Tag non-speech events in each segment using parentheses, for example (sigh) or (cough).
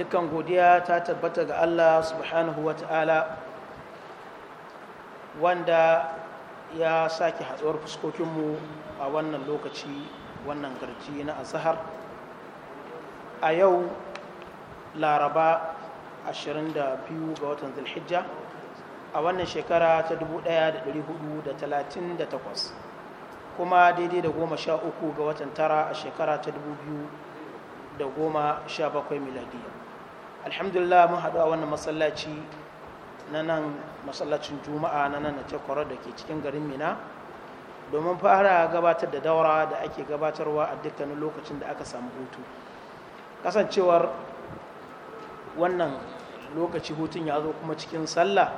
dukkan godiya ta tabbata ga Allah subhanahu wa ta'ala wanda ya sake hatsuwar fuskokinmu a wannan lokaci wannan garji na azahar a yau laraba 22 ga watan zulhijja a wannan shekara ta 1438 kuma daidai da goma sha uku ga watan tara a shekara ta 2017 miladiyya alhamdulillah mun haɗu a wannan masallaci na nan masallacin juma'a na nan na cekwarar da ke cikin garin mina domin fara gabatar da daura da ake gabatarwa a dukkanin lokacin da aka samu hutu kasancewar wannan lokaci hutun ya zo kuma cikin sallah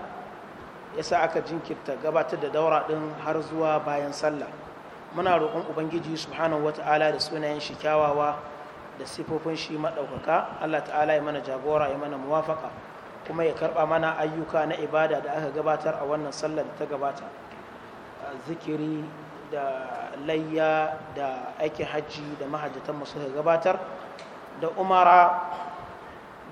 ya sa aka jinkirta gabatar da daura ɗin har zuwa bayan sallah muna roƙon ubangiji subhanahu wata'ala da sunayen shi kyawawa da sifofin shi maɗaukaka Allah ta'ala ya mana jagora ya mana muwafaka kuma ya karɓa mana ayyuka na ibada da aka gabatar a wannan sallar da ta gabata zikiri da layya da aikin hajji da mahajjatan masu gabatar da umara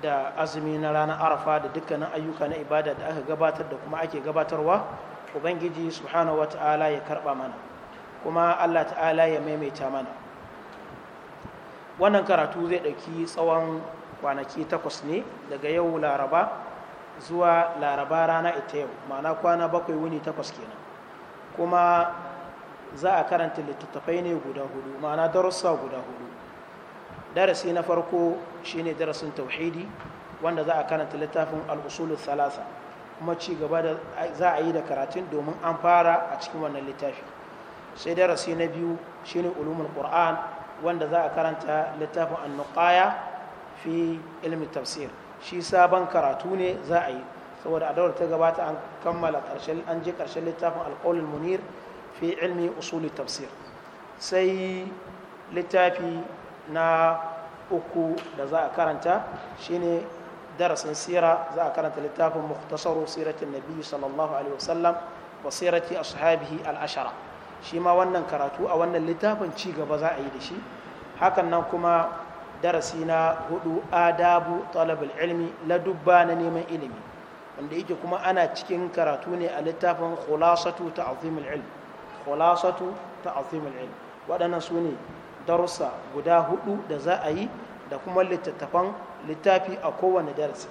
da azumi na ranar arafa da dukkanin ayyuka na ibada da aka gabatar da kuma ake gabatarwa ubangiji subhanahu wa ta'ala ya karɓa mana kuma allah ta'ala ya maimaita mana wannan karatu zai ɗauki tsawon kwanaki takwas ne daga yau laraba zuwa laraba rana ita yau ma'ana kwana bakwai wuni takwas kenan kuma za a karanta littattafai ne guda hudu ma'ana darussa guda hudu darasi na farko shine darasin tauhidi wanda za a karanta littafin al'usulun salasa kuma ci gaba da za a yi da karatun domin an fara a cikin wannan littafi sai darasi na biyu shine ulumul qur'an wanda za a karanta littafin annuqaya fi ilmi tafsir shi sabon karatu ne za a yi saboda a daular ta gabata an kammala karshen an je karshen littafin alkolin munir fi ilmi usuli tafsir sai littafi na uku da za a karanta shine darasin sira za a karanta littafin mukhtasaru siratin nabi sallallahu alaihi wasallam wa sirati ashabihi al-ashara shi ma wannan karatu a wannan littafin ci gaba za a yi da shi hakan nan kuma darasi na hudu adabu talabal ilmi dubba na neman ilimi wanda yake kuma ana cikin karatu ne a littafin khulasatu ta'zimul ilm khulasatu ta'zimul ilm waɗannan su ne darussa guda hudu da za a yi da kuma littattafan littafi a kowane darasi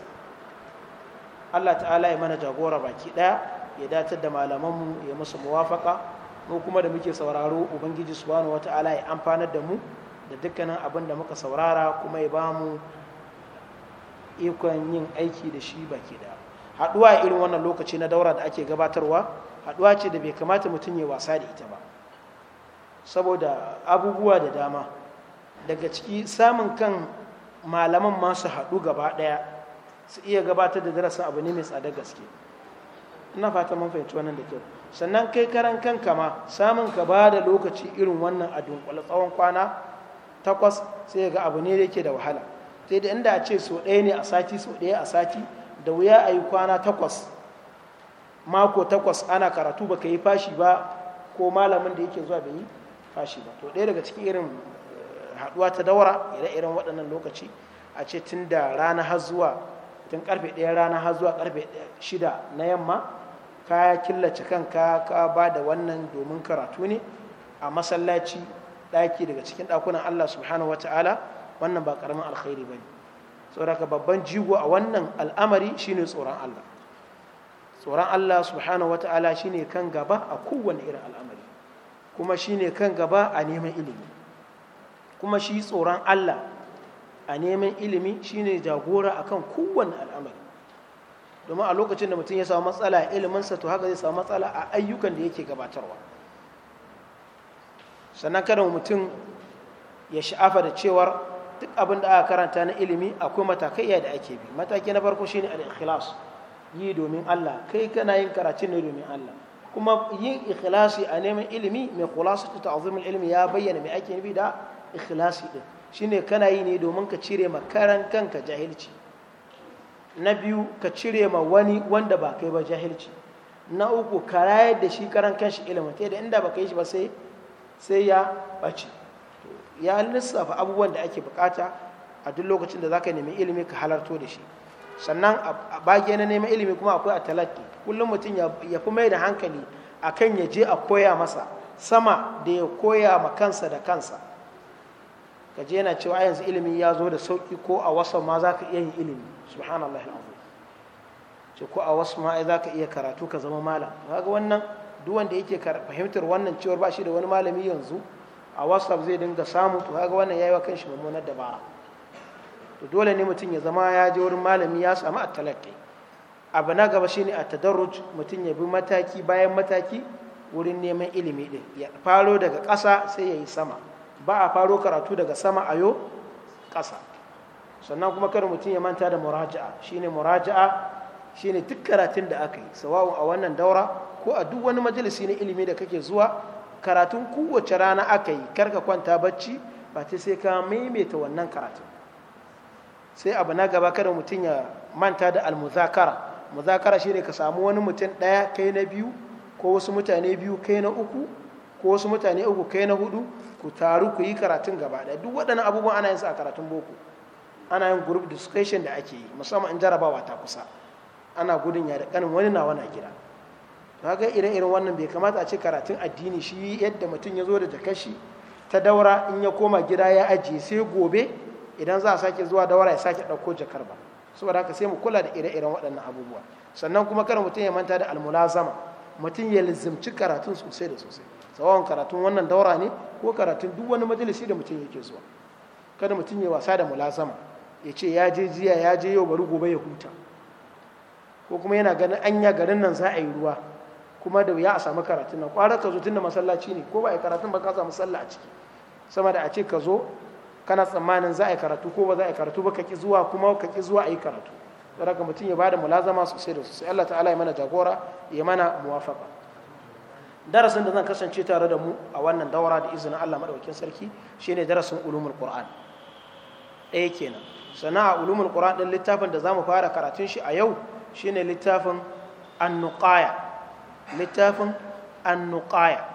Allah ta'ala ya mana jagora baki ɗaya ya datar da malamanmu ya musu muwafaka mu kuma da muke sauraro ubangiji subhanahu wata'ala ya amfanar da mu da dukkanin abin da muka saurara kuma ya ba mu ikon yin aiki da shi baki da haɗuwa irin wannan lokaci na daura da ake gabatarwa haduwa ce da bai kamata mutum ya wasa da ita ba saboda abubuwa da dama daga ciki samun kan malaman masu haɗu gaba ɗaya su iya gabatar da darasin abu ne mai tsada gaske ina fata mun fahimci wannan da kyau sannan kai karan kanka ma samun ka ba da lokaci irin wannan a dunkule tsawon kwana takwas sai ga abu ne da yake da wahala sai da inda a ce so ɗaya ne a sati so ɗaya a sati da wuya a yi kwana takwas mako takwas ana karatu ba ka yi fashi ba ko malamin da yake zuwa bai yi fashi ba to ɗaya daga cikin irin eh, haɗuwa ta daura ire-iren waɗannan lokaci a ce tun da rana har zuwa tun karfe ɗaya rana har zuwa karfe shida na yamma ka killace kanka ka ba da wannan domin karatu ne a masallaci ɗaki daga cikin ɗakunan Allah subhanahu ta'ala wannan ba ƙaramin alkhairi ba ne saboda babban jigo a wannan al'amari shine tsoron Allah tsoron Allah subhanahu wata'ala shine kan gaba a kowane irin al'amari kuma shine kan gaba a neman ilimi kuma shi tsoron Allah a neman ilimi shine jagora akan kowane al'amari domin a lokacin da mutum ya samu matsala a iliminsa to haka zai samu matsala a ayyukan da yake gabatarwa sannan kada mutum ya sha'afa da cewar duk abin da aka karanta na ilimi akwai matakai da ake bi mataki na farko shine al-ikhlas yi domin Allah kai kana yin karatu ne domin Allah kuma yin ikhlasi a neman ilimi mai khulasatu ta'zimul ilmi ya bayyana mai ake nufi da ikhlasi din shine kana yi ne domin ka cire makaran kanka jahilci na biyu ka cire ma wani wanda ba kai ba jahilci na uku ka rayar da shi karan kanshi ilimin ta da inda ba ka yi shi ba sai sai ya ɓace ya lissafa abubuwan da ake bukata a duk lokacin da za ka nemi ilimi ka halarto da shi sannan a bage na neman ilimi kuma akwai a talaki kullum mutum ya fi mai da hankali akan ya je a koya masa sama da ya koya ma kansa da kansa kaje yana cewa yanzu ilimi ya zo da sauki ko a wasu ma za ka iya yin ilimi subhanallah alazim ce ko a wasu ma za ka iya karatu ka zama malam kaga wannan duk wanda yake fahimtar wannan cewar ba shi da wani malami yanzu a whatsapp zai dinga samu to kaga wannan yayi wa kanshi mummunar dabara to dole ne mutum ya zama ya je wurin malami ya samu at-talaqqi abu na gaba shine a tadarruj mutum ya bi mataki bayan mataki wurin neman ilimi din ya faro daga ƙasa sai ya yi sama ba a faro karatu daga sama ayo ƙasa sannan kuma kada mutum ya manta da muraja'a shine muraja'a shine duk karatun da aka yi tsawon a wannan daura ko a duk wani majalisi na ilimi da kake zuwa karatun kowace rana aka yi karka kwanta bacci ba ta sai ka maimaita wannan karatun sai abu na gaba kada mutum ya manta da almuzakara muzakara shine ka samu wani mutum ɗaya kai na biyu ko wasu mutane biyu kai na uku ko wasu mutane uku kai na hudu ku taru ku yi karatun gaba ɗaya duk waɗannan abubuwan ana yin su a karatun boko ana yin group discussion da ake yi musamman in jarabawa ta kusa ana gudun ya da kanin wani nawa na gida kaga irin irin wannan bai kamata a ce karatun addini shi yadda mutum ya zo da jakashi ta daura in ya koma gida ya ajiye sai gobe idan za a sake zuwa daura ya sake ɗauko jakar ba saboda haka sai mu kula da ire-iren waɗannan abubuwa sannan kuma kar mutum ya manta da almulazama mutum ya lizimci karatun sosai da sosai tsawon karatun wannan daura ne ko karatun duk wani majalisi da mutum yake zuwa kada mutum ya wasa da mulazama ya ce ya je jiya ya je yau bari gobe ya huta ko kuma yana ganin anya garin nan za a yi ruwa kuma da wuya a samu karatun nan kwarar ka zo tun da masallaci ne ko ba a yi karatun ba ka samu sallah a ciki sama da a ce ka zo kana tsammanin za a yi karatu ko ba za a yi karatu ba ka ki zuwa kuma ka ki zuwa a yi karatu don mutum ya bada mulazama sosai da sosai Allah ta'ala ya mana jagora ya mana muwafaka darasin da zan kasance tare da mu a wannan daura da izinin Allah madaukakin sarki shine darasin ulumul qur'an ɗaya kenan sana'a ulumul qur'an din littafin da zamu fara karatun shi a yau shine littafin an-nuqaya littafin an-nuqaya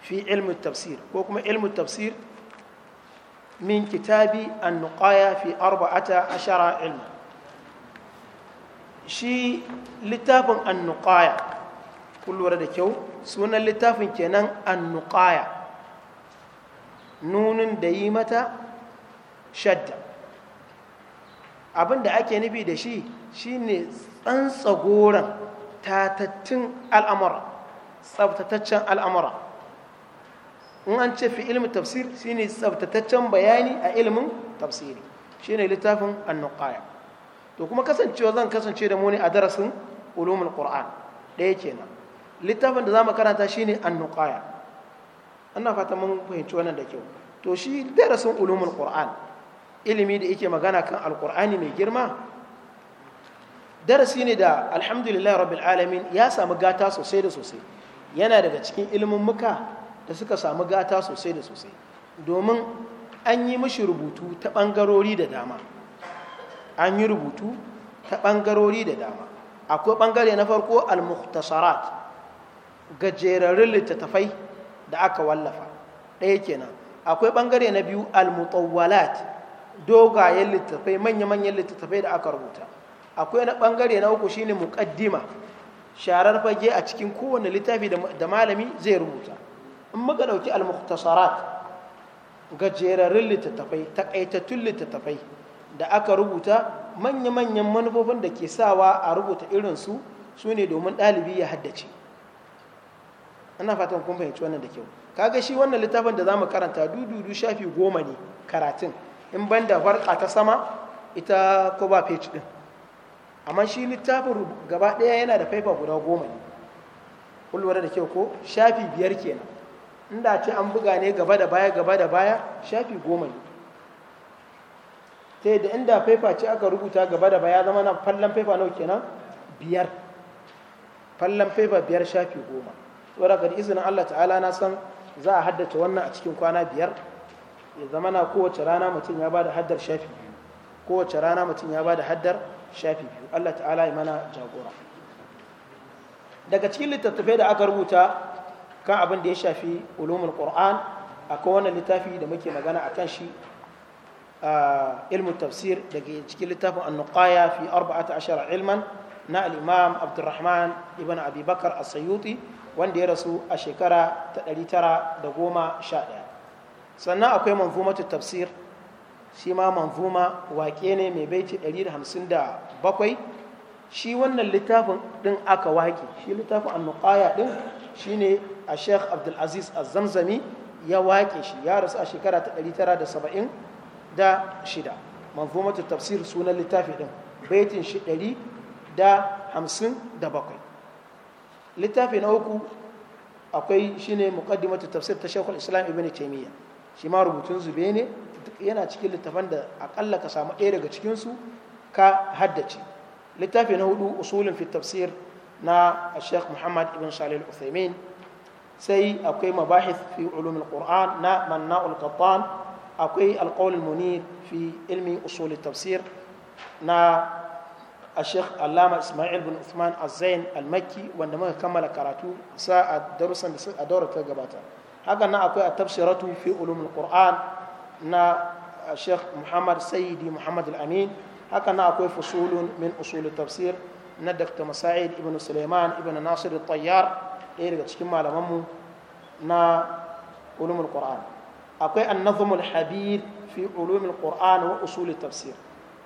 fi ilmi tafsir ko kuma ilmi tafsir min kitabi an-nuqaya fi arba'ata ashara ilmi shi littafin an-nuqaya kun da kyau sunan littafin kenan annuqaya nunin da yi mata shadda abin da ake nufi da shi shine tsantsagoran tatattun al'amura tsabtataccen al'amura in an ce fi ilmin tafsir shine tsabtataccen bayani a ilmin tafsiri shine littafin annuqaya to kuma kasancewa zan kasance da mu ne a darasin ulumul qur'an ɗaya kenan littafin da za mu karanta shine annuqaya ana fata mun fahimci wannan da kyau to shi darasin ulumul qur'an ilimi da yake magana kan alqur'ani mai girma darasi ne da alhamdulillah rabbil alamin ya samu gata sosai da sosai yana daga cikin ilimin muka da suka samu gata sosai da sosai domin an yi mashi rubutu ta ɓangarori da dama an yi rubutu ta ɓangarori da dama akwai ɓangare na farko al-muhtasarat gajerarrun littattafai da aka wallafa ɗaya kenan akwai ɓangare na biyu almutawalat dogayen littattafai manya-manyan littattafai da aka rubuta akwai na ɓangare na uku shine muƙaddima sharar fage a cikin kowane littafi da malami zai rubuta in muka ɗauki almuktasarat gajerarrun littattafai taƙaitattun littattafai da aka rubuta manya-manyan manufofin da ke sawa a rubuta irinsu su ne domin ɗalibi ya haddace ana fatan kun fahimci wannan da kyau kaga shi wannan littafin da zamu karanta dududu shafi goma ne karatun in banda farka ta sama ita ko ba page din amma shi littafin gaba daya yana da faifa guda goma ne kullum da kyau ko shafi biyar kenan inda ce an buga ne gaba da baya gaba da baya shafi goma ne ta yadda inda faifa ce aka rubuta gaba da baya zama na fallon faifa nau kenan biyar fallon faifa biyar shafi goma saboda ka izinin Allah ta'ala na san za a haddace wannan a cikin kwana biyar ya zama na kowace rana mutum ya bada haddar shafi biyu kowace rana mutum ya bada haddar shafi biyu Allah ta'ala ya mana jagora daga cikin littattafai da aka rubuta kan abin da ya shafi ulumul qur'an akwai wannan littafi da muke magana akan shi ilmu tafsir daga cikin littafin annuqaya fi 14 ilman na al-imam abdurrahman ibn abi bakar as-sayyuti wanda ya rasu a shekara ta 911 sannan akwai manzumatu tafsir shi ma manzuma waƙe ne mai baiti 157 shi wannan littafin ɗin aka waƙe shi littafin annuƙaya ɗin shi ne a sheikh abdulaziz azamzami ya waƙe shi ya rasu a shekara ta da shida manzumatu tafsir sunan littafi ɗin baitin shi 157 littafi na uku akwai shine muqaddimatu tafsir ta Sheikhul Islam Ibn Taymiyyah shi ma rubutun zube ne yana cikin littafan da akalla ka samu ɗaya daga cikin su ka haddace littafi na hudu usulun fi tafsir na Sheikh Muhammad Ibn Salih al sai akwai mabahith fi ulumin quran na Manna'ul Qattan akwai al-qawl munir fi ilmi usul tafsir na الشيخ علامة إسماعيل بن عثمان الزين المكي وعندما ما كمل كراتو ساعة درسا دورة تجباتا هذا نأكل التبصرة في علوم القرآن نا الشيخ محمد سيدي محمد الأمين هذا نأكل فصول من أصول التفسير ندكت مساعد ابن سليمان ابن ناصر الطيار إيه تشكيما لممو نا علوم القرآن أكوي النظم الحبيب في علوم القرآن وأصول التفسير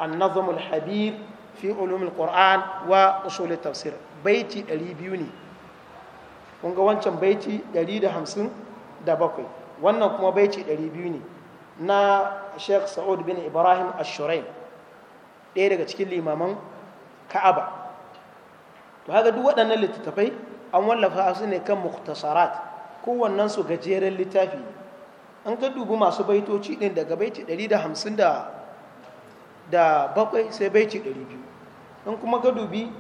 النظم الحبيب fi ulumul qur'an wa usul tafsir baiti 200 ne kun ga wancan baiti 157 wannan kuma baiti 200 ne na Sheikh Sa'ud bin Ibrahim Ash-Shuraim ɗaya daga cikin limaman Ka'aba to haka duk waɗannan littattafai an wallafa su ne kan muktasarat kowannen su gajeren littafi an ka dubi masu baitoci ɗin daga baiti da bakwai sai baiti ɗari biyu in kuma ga dubi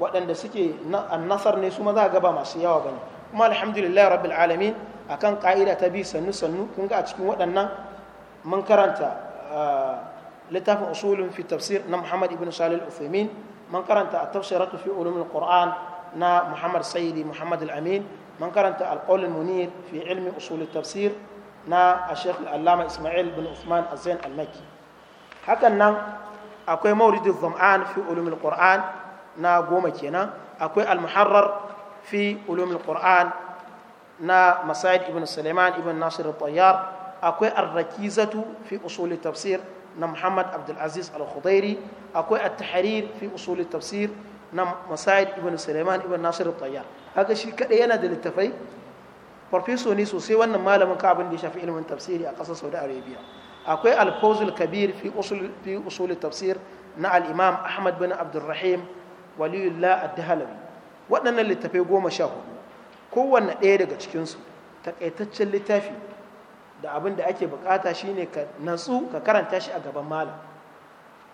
waɗanda suke annasar ne su ma za ga ba masu yawa ba ne kuma alhamdulillah rabbil alamin akan ka'ida ta bi sannu sannu kun ga a cikin waɗannan mun karanta littafin usulun fi tafsir na muhammad ibn salih al-uthaymin mun karanta at-tafsiratu fi ulum quran na muhammad sayyidi muhammad al-amin mun karanta al-qawl al-munir fi ilmi usul at-tafsir na al-shaykh al-allama isma'il bin uthman az-zain al-makki hakan nan akwai mawridul zam'an fi ulumul qur'an na goma kenan akwai al-muharrar fi ulumul qur'an na masaid ibn sulaiman ibn nasir al-tayyar akwai ar-rakizatu fi usul tafsir na muhammad abdul aziz al-khudairi akwai at-tahrir fi usul tafsir na masaid ibn sulaiman ibn nasir al-tayyar haka shi kadai yana da littafai farfeso ne sosai wannan malamin ka abin da ya shafi ilimin tafsiri a ƙasar saudi arabia akwai alfozul kabir fi usul tafsir na al-imam ahmad bin abdulrahim waliyullah ad waɗannan littafai goma sha hudu kowanne ɗaya daga cikinsu takaitaccen littafi da abin da ake bukata shine ka natsu ka karanta shi a gaban malam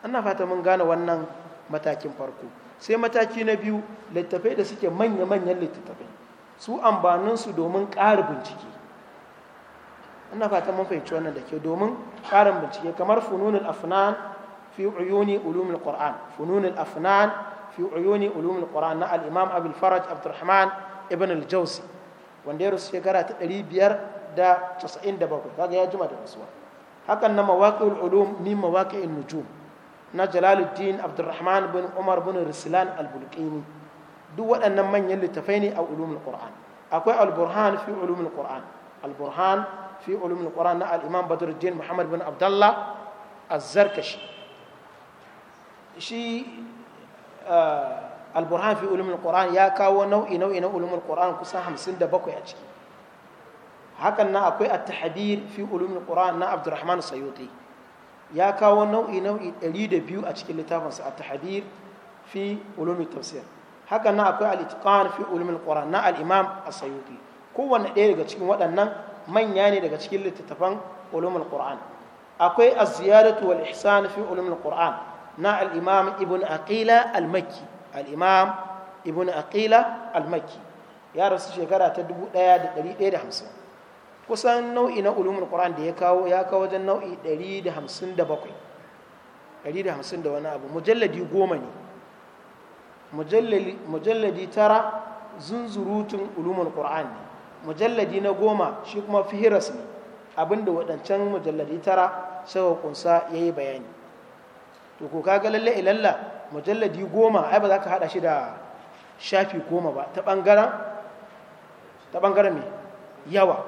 ana fata mun gane wannan matakin farko sai mataki na biyu littafai da suke manya-manyan littattafai su ambaninsu domin ƙara bincike ina fatan mun fahimci wannan da ke domin ƙarin bincike kamar fununul afnan fi uyuni ulumul qur'an fununul afnan fi uyuni ulumul qur'an na al-imam abul faraj abdurrahman ibn al-jawzi wanda ya rasu shekara ta 597 kaga ya jima da rasuwa hakan na mawaqi'ul ulum min mawaqi'in nujum na jalaluddin abdurrahman bin umar bin rislan al-bulqini duk waɗannan manyan littafai ne a ulumul qur'an akwai al-burhan fi ulumul qur'an al-burhan fi ulumul qur'an na al-imam badruddin muhammad bin abdallah az-zarkashi shi al-burhan fi ulumul qur'an ya kawo nau'i nau'i na ulumul qur'an kusan bakwai a ciki hakan na akwai at-tahdir fi ulumul qur'an na abdurrahman sayuti ya kawo nau'i nau'i 102 a cikin littafinsa at-tahdir fi ulumul tafsir hakan na akwai al-itqan fi ulumul qur'an na al-imam as-sayuti kowanne ɗaya daga cikin waɗannan manya ne daga cikin littattafan ulumul qur'an akwai az-ziyadatu wal ihsan fi ulumul qur'an na al-imam ibn aqila al-makki al-imam ibn aqila al-makki ya rasu shekara ta 1150 kusan nau'i na ulumul qur'an da ya kawo ya kawo wajen nau'i 157 150 da wani abu mujalladi goma ne mujalladi tara zunzurutun ulumul qur'an ne mujalladi na goma shi kuma fihiras ne abinda waɗancan mujalladi tara suka kunsa ya yi bayani to ko kaga lalle ilalla mujalladi goma ai ba za ka haɗa shi da shafi goma ba ta ɓangaren ta ɓangaren mai yawa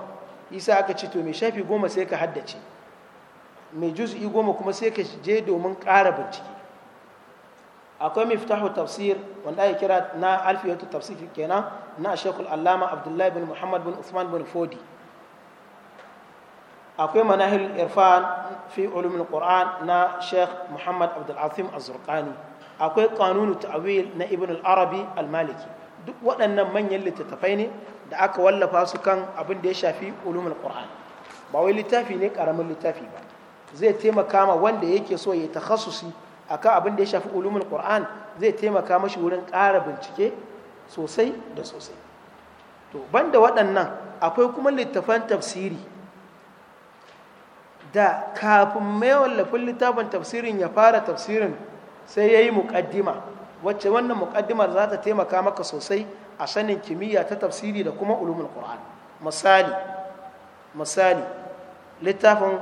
isa aka ce to mai shafi goma sai ka haddace mai juz'i goma kuma sai ka je domin ƙara bincike akwai miftahu tafsir wanda ake kira na alfiyatu tafsir kenan na shekul allama abdullahi bin muhammad bin usman bin fodi akwai manahil irfan fi ulumin qur'an na sheikh muhammad Abdulazim azurkani akwai kanunu ta'wil na ibn al-arabi al-maliki duk waɗannan manyan littattafai ne da aka wallafa su kan abin da ya shafi ulumin qur'an ba wai littafi ne karamin littafi ba zai taimaka ma wanda yake so ya takhassusi akan abin da ya shafi ulumul kur'an zai taimaka mashi wurin ƙara bincike sosai da sosai to banda waɗannan akwai kuma littafan tafsiri da kafin mai wallafin littafin tafsirin ya fara tafsirin sai ya yi muƙaddima wacce wannan muƙaddimar za ta taimaka maka sosai a sanin kimiyya ta tafsiri da kuma ulumin qur'an misali misali littafin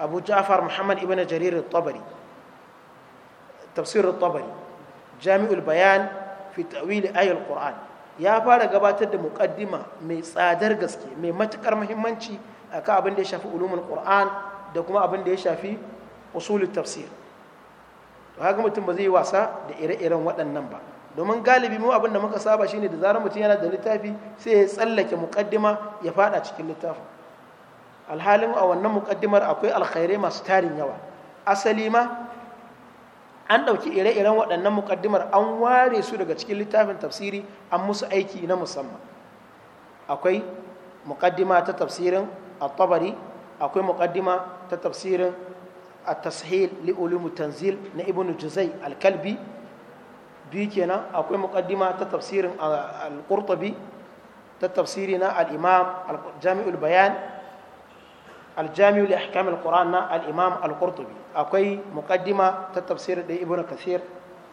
abu ja'far muhammad ibn jarir tabari tafsirin tabari jami'ul bayan fi tawili ayil qur'an ya fara gabatar da muqaddima mai tsadar gaske mai matukar muhimmanci akan abin da ya shafi ulumul qur'an da kuma abin da ya shafi usulul tafsir to haka mutum ba zai yi wasa da ire-iren waɗannan ba domin galibi mu abin da muka saba shine da zarar mutum yana da littafi sai ya tsallake muqaddima ya fada cikin littafin alhalin a wannan muqaddimar akwai alkhairai masu tarin yawa asali ma an ɗauki ire-iren waɗannan muƙaddimar an ware su daga cikin littafin tafsiri an musu aiki na musamman akwai muƙaddima ta tafsirin al tabari akwai muƙaddima ta tafsirin at-tashil li tanzil na ibnu juzai al-kalbi biyu kenan akwai muƙaddima ta tafsirin al-qurtubi ta tafsiri na al-imam al-jami'ul bayan aljami'u li ahkam na al-imam al-qurtubi akwai muqaddima ta tafsir da ibnu kasir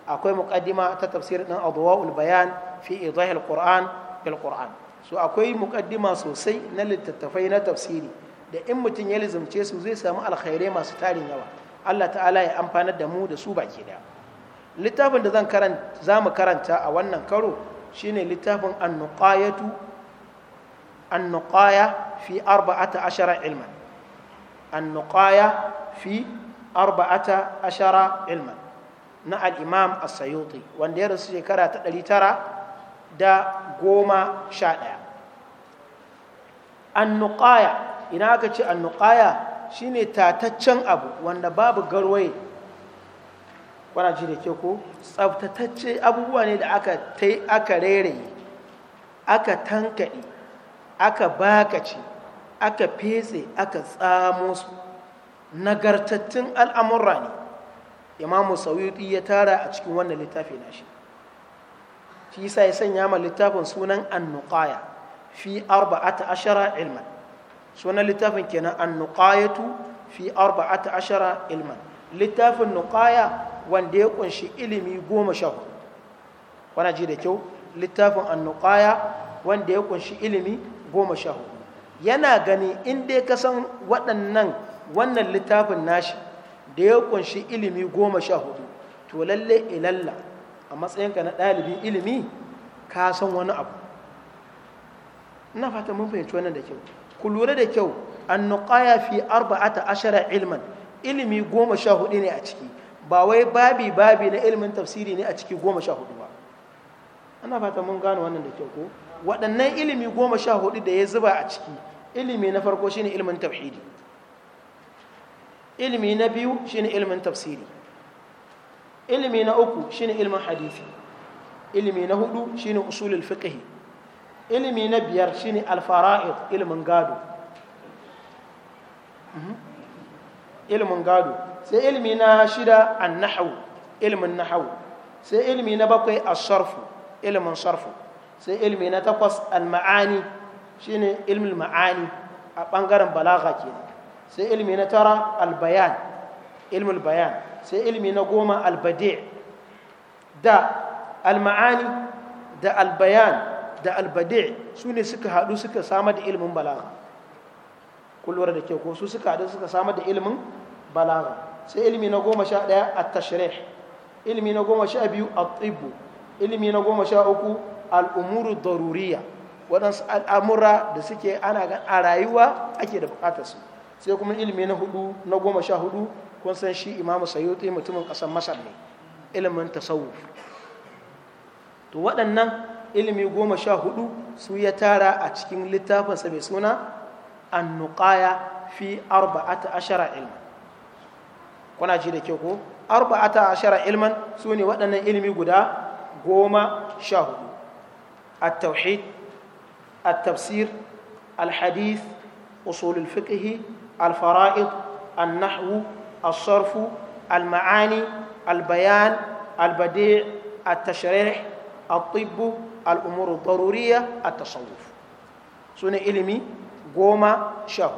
akwai muqaddima ta tafsir din adwaul bayan fi idah quran bil quran so akwai muqaddima sosai na littattafai na tafsiri da in mutum ya lizumce su zai samu alkhairai masu tarin yawa Allah ta'ala ya amfanar da mu da su baki daya littafin da zan karanta karanta a wannan karo shine littafin annuqayatu annuqaya fi arba'ata ashara ilman النقايا في أربعة عشر علما نا الإمام السيوطي واندير السيكرة تدليترا دا قوما شادع النقايا إنا أكتش النقايا shine tataccen abu wanda babu garwaye wana ji da ke ko tsabtatacce abubuwa ne da aka tai aka rere aka tankaɗe aka bakace aka fetse aka tsamo su nagartattun al'amurra ne imamu sauyuti ya tara a cikin wannan littafi na shi shi sa ya sanya ma littafin sunan annuqaya fi arba'ata ashara ilman sunan littafin kenan annuqayatu fi arba'ata ashara ilman littafin nuqaya wanda ya kunshi ilimi goma sha hudu wana ji da kyau littafin annuqaya wanda ya kunshi ilimi goma sha hudu yana gani in dai ka san waɗannan wannan littafin nashi da ya kunshi ilimi goma sha hudu to lalle ilalla a matsayinka na ɗalibin ilimi ka san wani abu ina fata mun fahimci wannan da kyau ku lura da kyau an nuqaya fi arba'ata ashara ilman ilimi goma sha hudu ne a ciki ba wai babi babi na ilimin tafsiri ne a ciki goma sha hudu ba ana fata mun gano wannan da kyau ko waɗannan ilimi goma sha hudu da ya zuba a ciki ilimi na farko shine ilimin tauhidi ilimi na biyu shine ilimin tafsiri ilimi na uku shine ilimin hadisi ilimi na hudu shine usulul fiqh ilimi na biyar shine alfara'id ilimin gado mhm. ilimin gado sai ilimi na shida an-nahwu ilimin nahwu sai ilimi na bakwai as-sarfu ilimin sarfu sai ilmi na takwas al-ma'ani shine al ma'ani a ɓangaren balaga kenan sai ilmi na tara al-bayan al bayan sai ilmi na goma al-badi' da al-ma'ani da al-bayan da al-badi' su ne suka haɗu suka samar da ilmin balaga kullum da ke ko su suka haɗu suka samar da ilmin balaga sai ilmi na goma sha ɗaya at-tashrih ilmi na goma sha biyu at-tibbu ilmi na goma sha uku al'umuru daruriya waɗansu al'amura da suke ana gan a rayuwa ake da bukatar su sai kuma ilimi na hudu na goma sha hudu kun san shi imamu yi mutumin ƙasar masar ne ilimin tasawuf to waɗannan ilimi goma sha hudu su ya tara a cikin littafinsa mai suna annuqaya fi arba'ata ashara kuna ji da ke ko arba'ata ashara ilman su ne waɗannan ilimi guda goma sha hudu التوحيد التفسير الحديث أصول الفقه الفرائض النحو الصرف المعاني البيان البديع التشريح الطب الأمور الضرورية التصوف سنة إلمي قوما شهر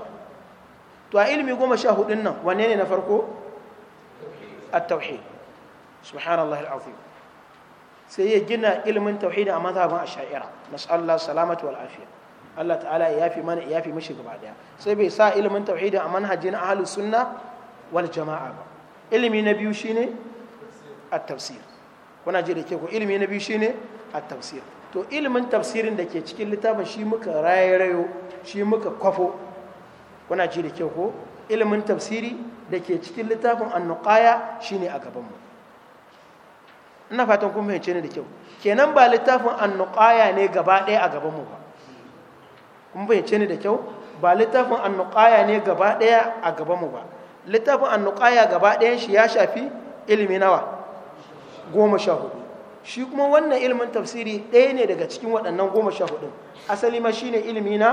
تو إلمي قوما شهر إنه ونين نفرقه التوحيد سبحان الله العظيم sai ya gina ilimin tauhidi a mazhabin asha'ira nasallallahu salamatu wal afiya Allah ta'ala ya yafi mana ya yafi mishi gaba daya sai bai sa ilimin tauhidi a manhajin ahlus sunna wal jama'a ba ilimi na biyu shine at-tafsir kuna ji da ke ko ilimi na biyu shine at-tafsir to ilimin tafsirin da ke cikin littafin shi muka rayayo shi muka kwafo kuna ji da ke ko ilimin tafsiri da ke cikin littafin annuqaya shine a gaban mu. ina fatan kun fahimce ni da kyau kenan ba littafin annuqaya ne gaba ɗaya a gaban mu ba kun fahimce ni da kyau ba littafin annuqaya ne gaba ɗaya a gaban mu ba littafin annuqaya gaba ɗayan shi ya shafi ilimi nawa goma sha hudu shi kuma wannan ilimin tafsiri ɗaya ne daga cikin waɗannan goma sha hudun asali ma shine ilimi na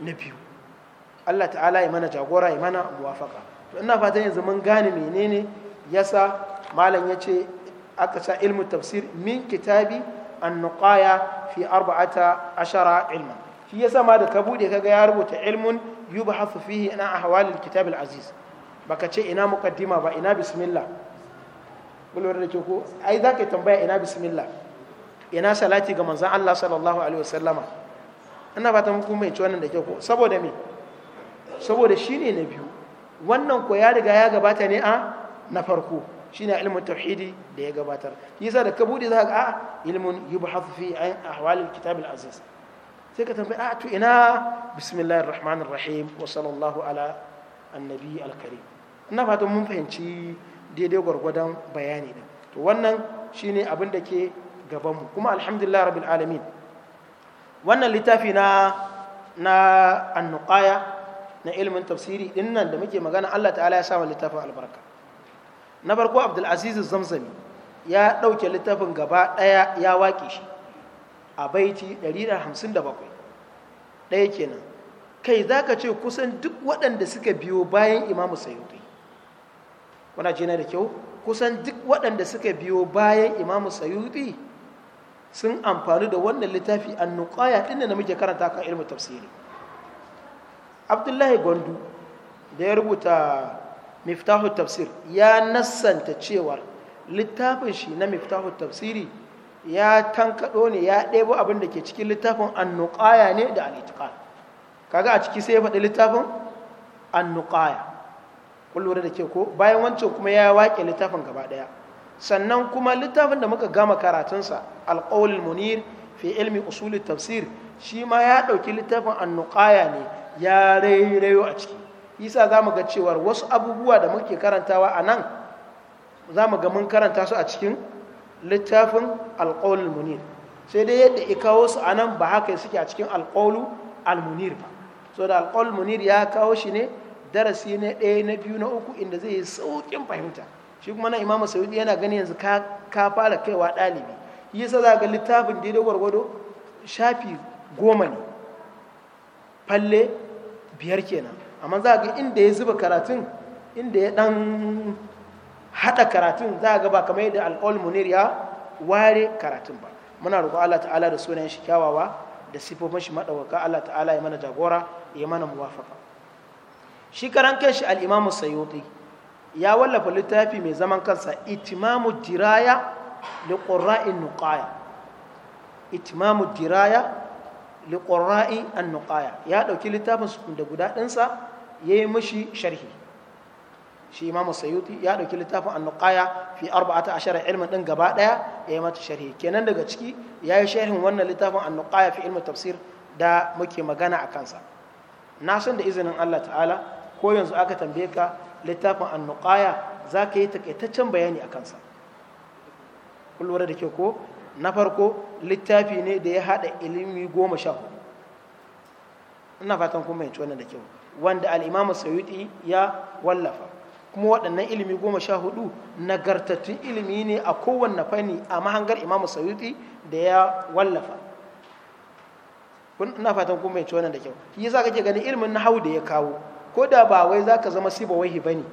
na biyu Allah ta'ala ya mana jagora ya mana muwafaka ina fatan yanzu mun gane menene yasa malam ya ce aka sa ilmu tafsir min kitabi an annuqaya fi arba'ata ashara ilma shi ya ma da ka bude kaga ya rubuta ilmun ba yubhathu fihi ana a kitab al-aziz baka ce ina muqaddima ba ina bismillah bulwar da ke ko ai ka tambaya ina bismillah ina salati ga manzan Allah sallallahu alaihi wasallama ina fatan ku mai ci wannan da ke ko saboda me saboda shine na biyu wannan ko ya riga ya gabata ne a na farko shine ilmin tauhidi da ya gabatar yasa da ka bude za ka a ilmin yubhathu fi an ahwalil kitab al aziz sai ka tambaye a to ina bismillahir rahmanir rahim wa sallallahu ala annabi al karim ina fatan mun fahimci daidai gwargwadon bayani din to wannan shine abin da ke gaban mu kuma alhamdulillah rabbil alamin wannan littafi na na annuqaya na ilmin tafsiri dinnan da muke magana Allah ta'ala ya sa littafin albarka na farko abdulaziz zamzami ya ɗauke littafin gaba ɗaya ya waƙe shi a baiti 157 ɗaya kenan kai za ka ce kusan duk waɗanda suka biyo bayan imamu sayuti wana jina da kyau kusan duk waɗanda suka biyo bayan imamu sayuti sun amfani da wannan littafi an nuƙaya ɗin na muke karanta kan ilmi tafsiri abdullahi gwandu da ya rubuta miftahu tafsir ya nassanta cewar littafin shi na miftahu tafsiri ya tankaɗo ne ya ɗebo abin da ke cikin littafin annuƙaya ne da alitiƙa kaga a ciki sai ya faɗi littafin annuƙaya kun lura da ke ko bayan wancan kuma ya waƙe littafin gaba ɗaya sannan kuma littafin da muka gama karatunsa alƙawul munir fi ilmi usuli tafsir shi ma ya ɗauki littafin annuƙaya ne ya rairayo a ciki isa za mu ga cewar wasu abubuwa da muke karantawa a nan za mu ga mun karanta su a cikin littafin alƙawul munir sai dai yadda ya kawo su a nan ba haka suke a cikin alƙawul almunir ba so da alƙawul munir ya kawo shi ne darasi na ɗaya na biyu na uku inda zai yi sauƙin fahimta shi kuma na imamu saudi yana gani yanzu ka fara kaiwa ɗalibi yi sa za ga littafin daidai gwargwado shafi goma ne falle biyar kenan amma za ga inda ya zuba karatun inda ya dan hada karatun za ga ba kamar yadda alƙawal munir ya ware karatun ba muna roƙo Allah ta'ala da sunan shi kyawawa da sifofin shi madawaka Allah ta'ala ya mana jagora ya mana muwafaka shi karan shi al-Imam Sayyuti ya wallafa littafi mai zaman kansa Itimamu Diraya li Qurra'in Nuqaya Itimamu Diraya li Qurra'i an-Nuqaya ya dauki littafin su da guda ɗinsa ya yi mashi sharhi shi imam sayuti ya ɗauki littafin annuqaya fi arba'ata ashara ilmin din gaba daya ya yi mata sharhi kenan daga ciki ya yi sharhin wannan littafin annuqaya fi ilmin tafsir da muke magana a kansa na san da izinin Allah ta'ala ko yanzu aka tambaye ka littafin annuqaya za ka yi takaitaccen bayani a kansa kullum da ke ko na farko littafi ne da ya haɗa ilimi goma sha hudu ina fatan kuma yanci wannan da kyau wanda al'imamu sayuti ya wallafa kuma waɗannan ilimi goma sha hudu nagartattun ilimi ne a kowanne fanni a mahangar imamu sayuti da ya wallafa ina fatan kuma mai wannan da kyau yi za ka ke ganin ilimin na hau da ya kawo ko da ba wai za ka zama siba wahi ba ne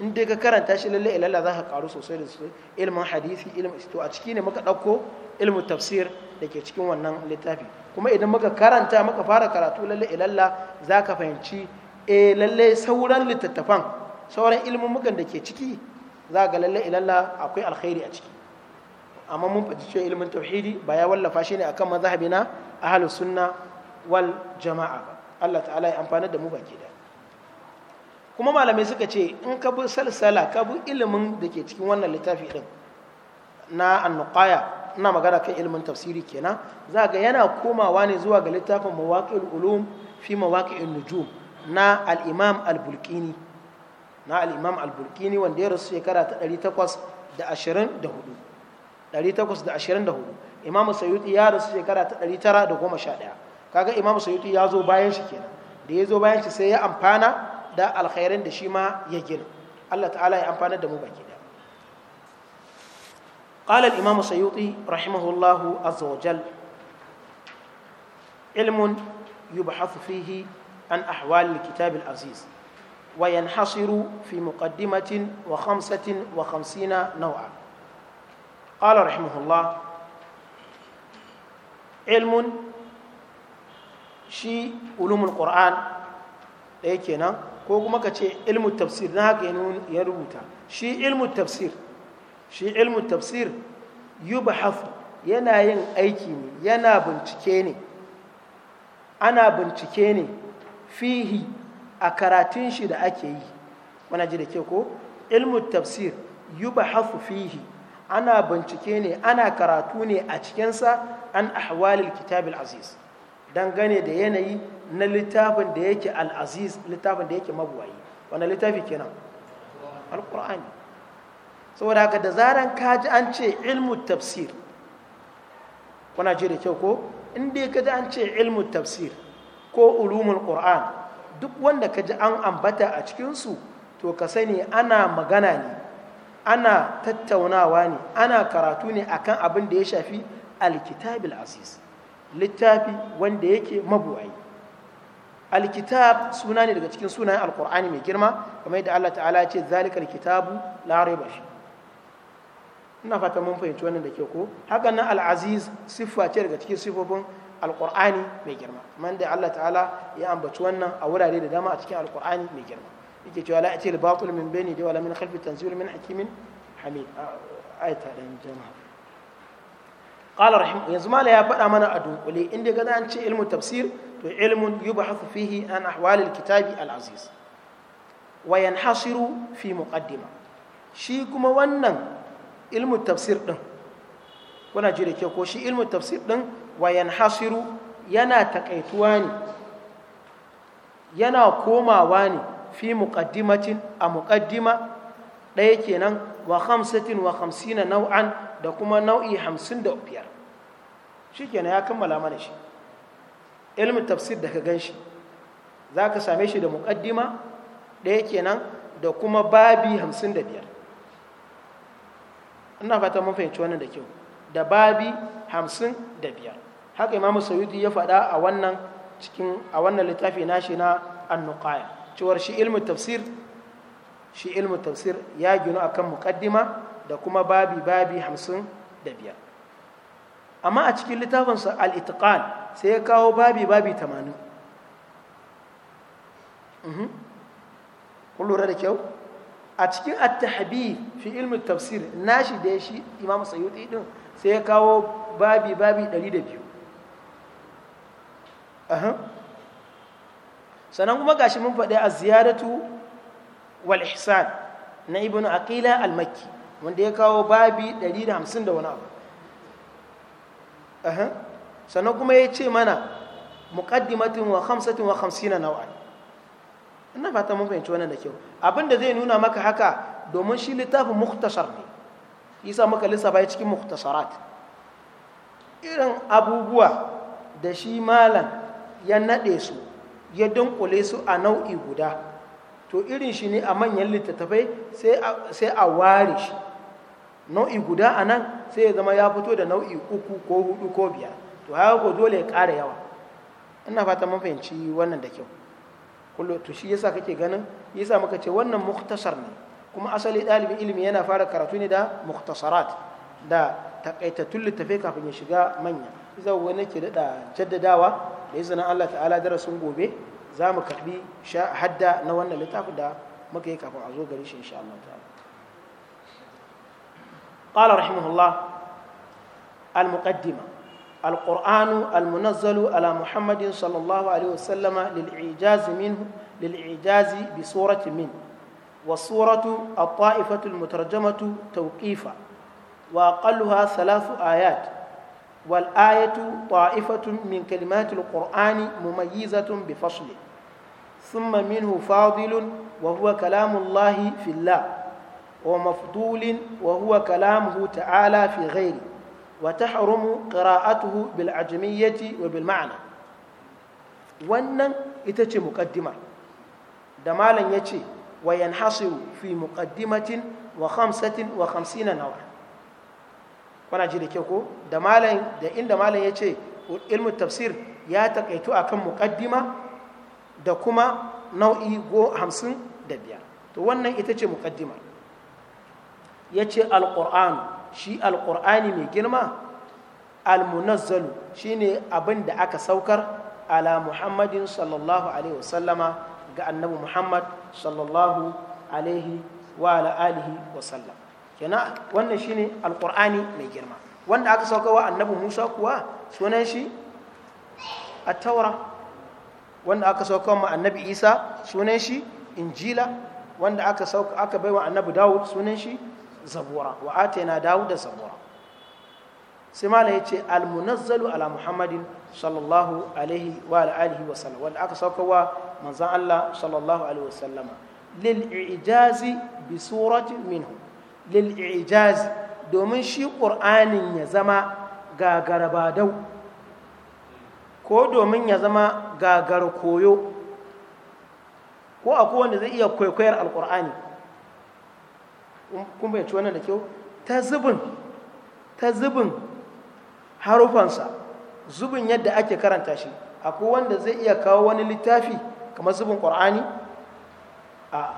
in dai ka karanta shi lalle ilalla za ka karu sosai da sosai ilimin hadisi ilimin to a ciki ne muka ɗauko ilimin tafsir da ke cikin wannan littafi kuma idan muka karanta muka fara karatu lalle ilalla za ka fahimci eh lallai sauran littattafan sauran ilmummukan da ke ciki za ga lallai ilalla akwai alkhairi a ciki amma mun faɗi cewa ilmin tauhidi ba ya wallafa shi ne akan mazhabi na ahlus sunna wal jama'a ba Allah ta'ala ya amfana da mu baki da kuma malamai suka ce in ka bi salsala ka bi ilimin da ke cikin wannan littafi din na annuqaya ina magana kan ilimin tafsiri kenan za ga yana komawa ne zuwa ga littafin mawaƙil ulum fi mawaƙil nujum na al'imam al-bulkini na al'imam al-bulkini wanda ya rasu shekara ta 824 imam imamu sayuti ya rasu shekara ta 911 kaga imamu sayuti ya zo bayan shi kenan da ya zo bayan shi sai ya amfana da alkhairin da shi ma ya gina Allah ta'ala ya amfana da mu baki da قال الإمام السيوطي رحمه الله عز وجل علم يبحث فيه عن أحوال الكتاب العزيز وينحصر في مقدمة وخمسة وخمسين نوعا قال رحمه الله علم شي علوم القرآن لكن ko kuma ka ce ilmu tafsir na haka ya rubuta shi ilmu tafsir shi ilmu tafsir yubhafu yana yin aiki ne yana bincike ne ana bincike ne fihi a karatun shi da ake yi wana ji da ke ko ilmu tafsir hafu fihi ana bincike ne ana karatu ne a cikinsa an ahwalil kitabil aziz dangane da yanayi na littafin da yake al'aziz littafin da yake mabuwayi wani littafi kenan al-qur'ani saboda haka da zaran ka ji an ce ilmu tafsir kuna ji da kyau ko inda ka ji an ce ilmu tafsir ko ulumul qur'an duk wanda ka ji an ambata a cikinsu to ka sani ana magana ne ana tattaunawa ne ana karatu ne akan abin da ya shafi alkitabil aziz. littafi wanda yake mabuwai alkitab suna ne daga cikin sunayen alkur'ani mai girma kamar yadda allah ta'ala ce zalikar kitabu la raiba shi ina fata mun fahimci wannan da ke ko hakan nan al'aziz siffa ce daga cikin siffofin alkur'ani mai girma man da Allah ta'ala ya ambaci wannan a wurare da dama a cikin alkur'ani mai girma yake cewa la atil batil min bayni da wala min khalfi tanzil min hakimin hamid ayata dan jama'a qala rahim yanzu mala ya faɗa mana a dunkule inda ga an ce ilmu tafsir to ilmun yubhathu fihi an ahwal alkitabi alaziz wa yanhasiru fi muqaddima shi kuma wannan ilmu tafsir din kuna ji da ke ko shi ilmu tafsir din Wayan hasiru yana takaituwa ne yana komawa ne fi muqaddimatin a muqaddima ɗaya kenan wa hamsatin wa hamsina nau'an da kuma nau'i hamsin da biyar shi kenan ya kammala mana shi ilmin tafsir da ka gan shi za ka same shi da muƙaddima ɗaya kenan da kuma babi hamsin da biyar ina fata mun fahimci wannan da kyau da babi hamsin da biyar haka imamu sayyidi ya faɗa a wannan cikin a wannan littafi nashi na annuqaya cewar shi ilmu tafsir shi ilmu tafsir ya ginu akan muqaddima da kuma babi babi hamsin da biyar amma a cikin littafinsa al-itiqan sai ya kawo babi babi tamanin mhm. kun lura da kyau a cikin at-tahbi fi ilmi tafsir nashi da shi imam sayyidi din sai ya kawo babi babi 102 sannan kuma gashi mun faɗi a ziyaratu wal ihsan na ibnu aqila al makki wanda ya kawo babi 150 da wani abu sannan kuma ya ce mana muqaddimatin wa khamsatin wa khamsina naw'an ina fata mun fahimci wannan da kyau abinda zai nuna maka haka domin shi littafin muktasar ne isa maka lissafa ya cikin muktasarat irin abubuwa da shi malam ya naɗe su ya dunkule su a nau'i guda to irin shi ne a manyan littattafai sai a ware shi nau'i guda a nan sai ya zama ya fito da nau'i uku ko hudu ko biya to haka ko dole ya ƙara yawa ina fata mafahimci fahimci wannan da kyau kullu to shi yasa kake ganin yasa muka ce wannan muktasar ne kuma asali ɗalibin ilimi yana fara karatu ne da muktasarat da takaitattun littattafai kafin ya shiga manya zauwa nake da jaddadawa da izinin Allah ta'ala darasin gobe za mu karbi hadda na wannan littafin da muka yi kafin a zo gari shi insha Allah ta'ala qala rahimahullah al muqaddima al qur'anu al munazzalu ala muhammadin sallallahu alaihi wa sallama lil ijaz minhu lil ijaz bi surati min wa suratu at ta'ifatu al mutarjamatu tauƙifa. wa aqalluha thalathu ayat والآية طائفة من كلمات القرآن مميزة بفصل ثم منه فاضل وهو كلام الله في الله ومفضول وهو كلامه تعالى في غيره وتحرم قراءته بالعجمية وبالمعنى wannan ita ce muƙaddima da malam ya ce wa yanhasiru fi muƙaddimatin wa khamsatin wa khamsina nawa kuna ji da ke ko da malam da inda malam ya ce ilmin tafsir ya takaitu kan muƙaddima da kuma nau'i go hamsin da biyar to wannan ita ce muqaddima ya ce alƙur'an shi alƙur'ani mai girma almunazzalu shine abin da aka saukar ala muhammadin sallallahu alaihi wasallama ga annabi muhammad sallallahu alaihi wa ala alihi wasallam kenan wannan shine alqur'ani mai girma wanda aka sauka wa annabi Musa kuwa sunan shi Attaura wanda aka sauka wa annabi Isa sunan shi injila wanda aka sauka aka baiwa annabi Dawud sunan shi zabura wa atayna Dawud zabura sai mala ya ce almunazzalu ala muhammadin sallallahu alaihi wa alihi wa sallam wanda aka saukarwa manzan Allah sallallahu alaihi wa sallama lil ijazi bi suratin minhu lil'ijazi domin shi ƙur'anin ya zama gagarabadau ko domin ya zama gagar koyo ko a kowane zai iya kwaikwayar alƙur'ani kun bai ci wannan da kyau ta zubin ta zubin harufansa zubin yadda ake karanta shi akwai wanda zai iya kawo wani littafi kamar zubin ƙur'ani a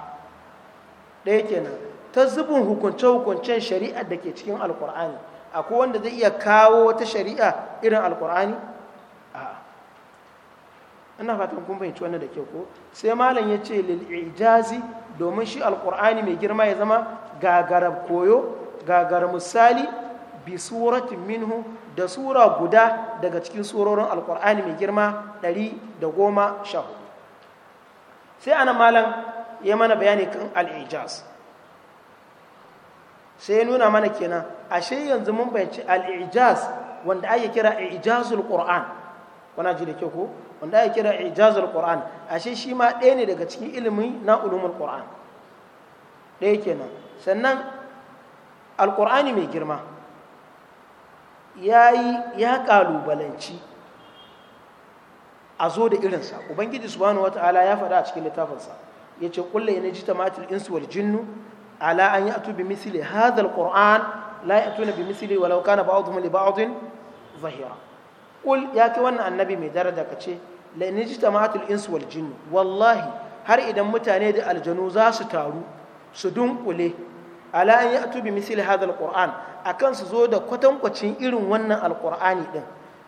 ɗaya kenan ta zubin hukunce-hukuncen shari'ar da ke cikin alkur'ani akwai wanda zai iya kawo wata shari'a irin alkur'ani a ina fatan kun fahimci wannan da ke ko sai malam ya ce lil'ijazi domin shi alkur'ani mai girma ya zama gagarar koyo gagarar misali bi suratin minhu da sura guda daga cikin surorin alkur'ani mai girma 110 sai ana malam ya mana bayani kan Al-Ijaz. sai nuna mana kenan ashe yanzu mun bayanci al-ijaz wanda ake kira ijazul qur'an wana ji da ke ko wanda ake kira ijazul qur'an ashe shi ma ɗaya ne daga cikin ilimi na ulumul qur'an ɗaya kenan sannan Al-Qur'ani mai girma yayi ya kalubalanci a zo da irinsa ubangiji subhanahu wataala ya faɗa a cikin littafinsa Ya ce ƙulla yace ji yanjitamatil insu wal jinnu ala an ya'tu bi misli hadha alquran la ya'tuna bi misli walauka na ba'dhum li ba'dhin zahira qul ya ke wannan annabi mai daraja ka ce, kace ji ta jitama'atul ins wal jinn wallahi har idan mutane da aljanu za su taru su dunkule ala an ya'tu bi misli hadha a kan su zo da kwatankwacin irin wannan alqur'ani din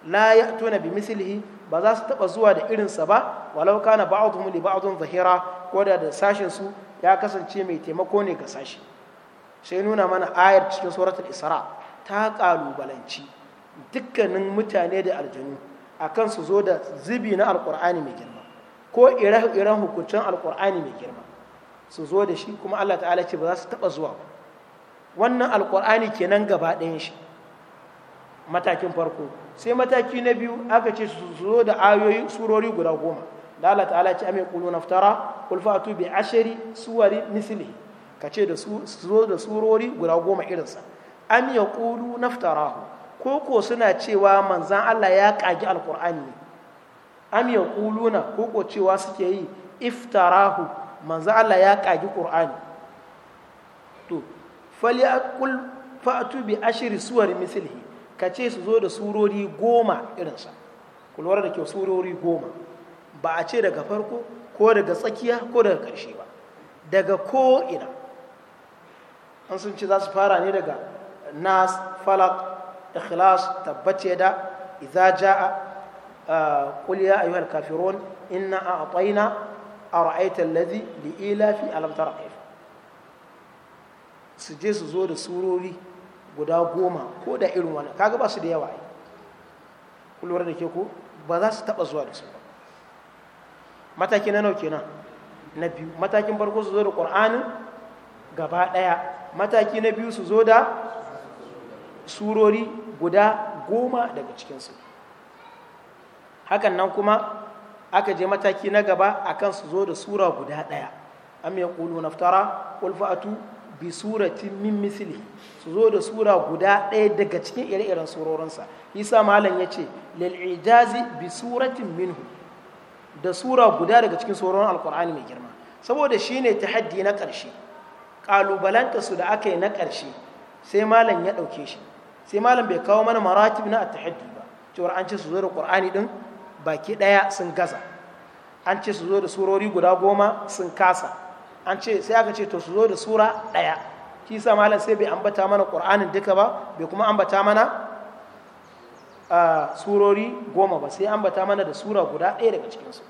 la ya'tuna bi mislihi ba za su taɓa zuwa da irinsa ba walau kana ba'dhum li ba'dhin zahira ko da da sashin su ya kasance mai taimako ne ga sashi sai nuna mana ayar cikin tsoratar isra ta kalubalanci dukkanin mutane da aljanu akan su zo da zubi na alkur'ani mai girma ko ire hukuncin alkur'ani mai girma su zo da shi kuma Allah ta'ala ce ba za su taba zuwa ba wannan alkur'ani kenan gaba ɗayan shi matakin farko sai mataki na biyu aka ce su zo da ayoyi surori guda goma da Allah ta'ala ce ame quluna naftara, qul fa'tu bi ashri suwari misli. kace da su zo da surori guda goma irinsa am yaqulu naftarahu ko ko suna cewa manzan Allah ya kagi alqur'ani ne am yaquluna ko ko cewa suke yi iftarahu manzan Allah ya kagi qur'ani to fali aqul fa'tu bi ashri suwari Ka kace su zo da surori goma irinsa kulwar da ke surori goma ba a ce daga farko ko daga tsakiya ko daga ƙarshe ba daga ko'ina an sun ce za su fara ne daga nas falak ikhlas tabbace da idza jaa qul ya ayyuhal a inna a ara'aita alladhi da ilafi Alamtar, Haifa. su je su zo da surori guda goma ko da irin wani kaga ba su da yawa kulwar da ke ko ba za su taba zuwa da su ba mataki na nau kenan na biyu matakin farko su zo da ƙur'anin gaba ɗaya mataki na biyu su zo da surori guda goma daga cikinsu hakan nan kuma aka je mataki na gaba akan su zo da sura guda ɗaya an mai ƙulu naftara ƙulfatu bi suratin min misili su zo da sura guda ɗaya daga cikin ire-iren surorinsa isa malam ya ce lal'ijazi bi suratin minhu da sura guda daga cikin sauran alkur'ani mai girma saboda shi ne tahaddi na ƙarshe ƙalubalanta su da aka yi na ƙarshe sai malam ya ɗauke shi sai malam bai kawo mana maratib na tahaddi ba cewar an ce su zo da ƙur'ani ɗin baki ɗaya sun gaza an ce su zo da surori guda goma sun kasa an ce sai aka ce to su zo da sura ɗaya shi sa malam sai bai ambata mana ƙur'anin duka ba bai kuma ambata mana surori goma ba sai an bata mana da sura guda ɗaya daga cikinsu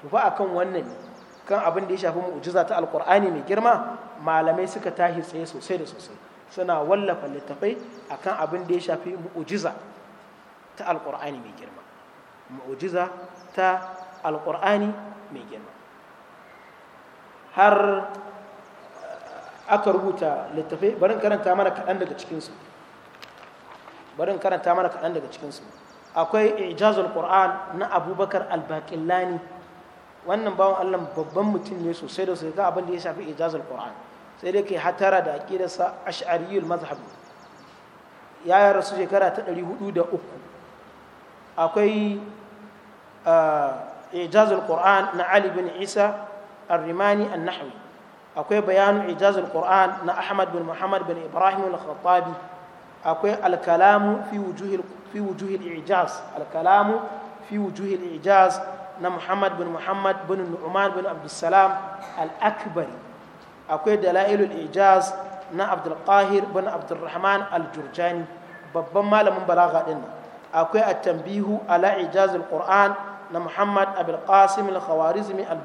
to fa akan wannan kan abin da ya shafi mu'jiza ta alkur'ani mai girma malamai suka tahi tsaye sosai da sosai suna wallafa littafai akan abin da ya shafi mu'jiza ta alkur'ani mai girma mu'jiza ta alkur'ani mai girma har eh, aka rubuta littafai barin karanta mana kaɗan daga cikinsu bari in karanta mana kaɗan daga cikinsu akwai ijazul qur'an na abubakar albaqillani wannan bawan allah babban mutum ne sosai da sosai ga abin da ya shafi ijazul qur'an sai dai kai hatara da aqidarsa ash'ariyul mazhab ya rasu shekara ta da uku. akwai eh, ijazul qur'an na ali bin isa Arrimani an-nahwi akwai bayanu ijazul qur'an na ahmad bin muhammad bin ibrahim al-khattabi akwai alkalamu fi wujuhil ijaz alkalamu fi wujuhil ijaz na muhammad bin muhammad bin nu'man bin abdussalam al-akbari akwai dalailul ijaz na abdulqahir bin abdulrahman al-jurjani babban malamin balaga din nan akwai at-tanbihu ala ijazil qur'an na muhammad abul qasim al-khawarizmi al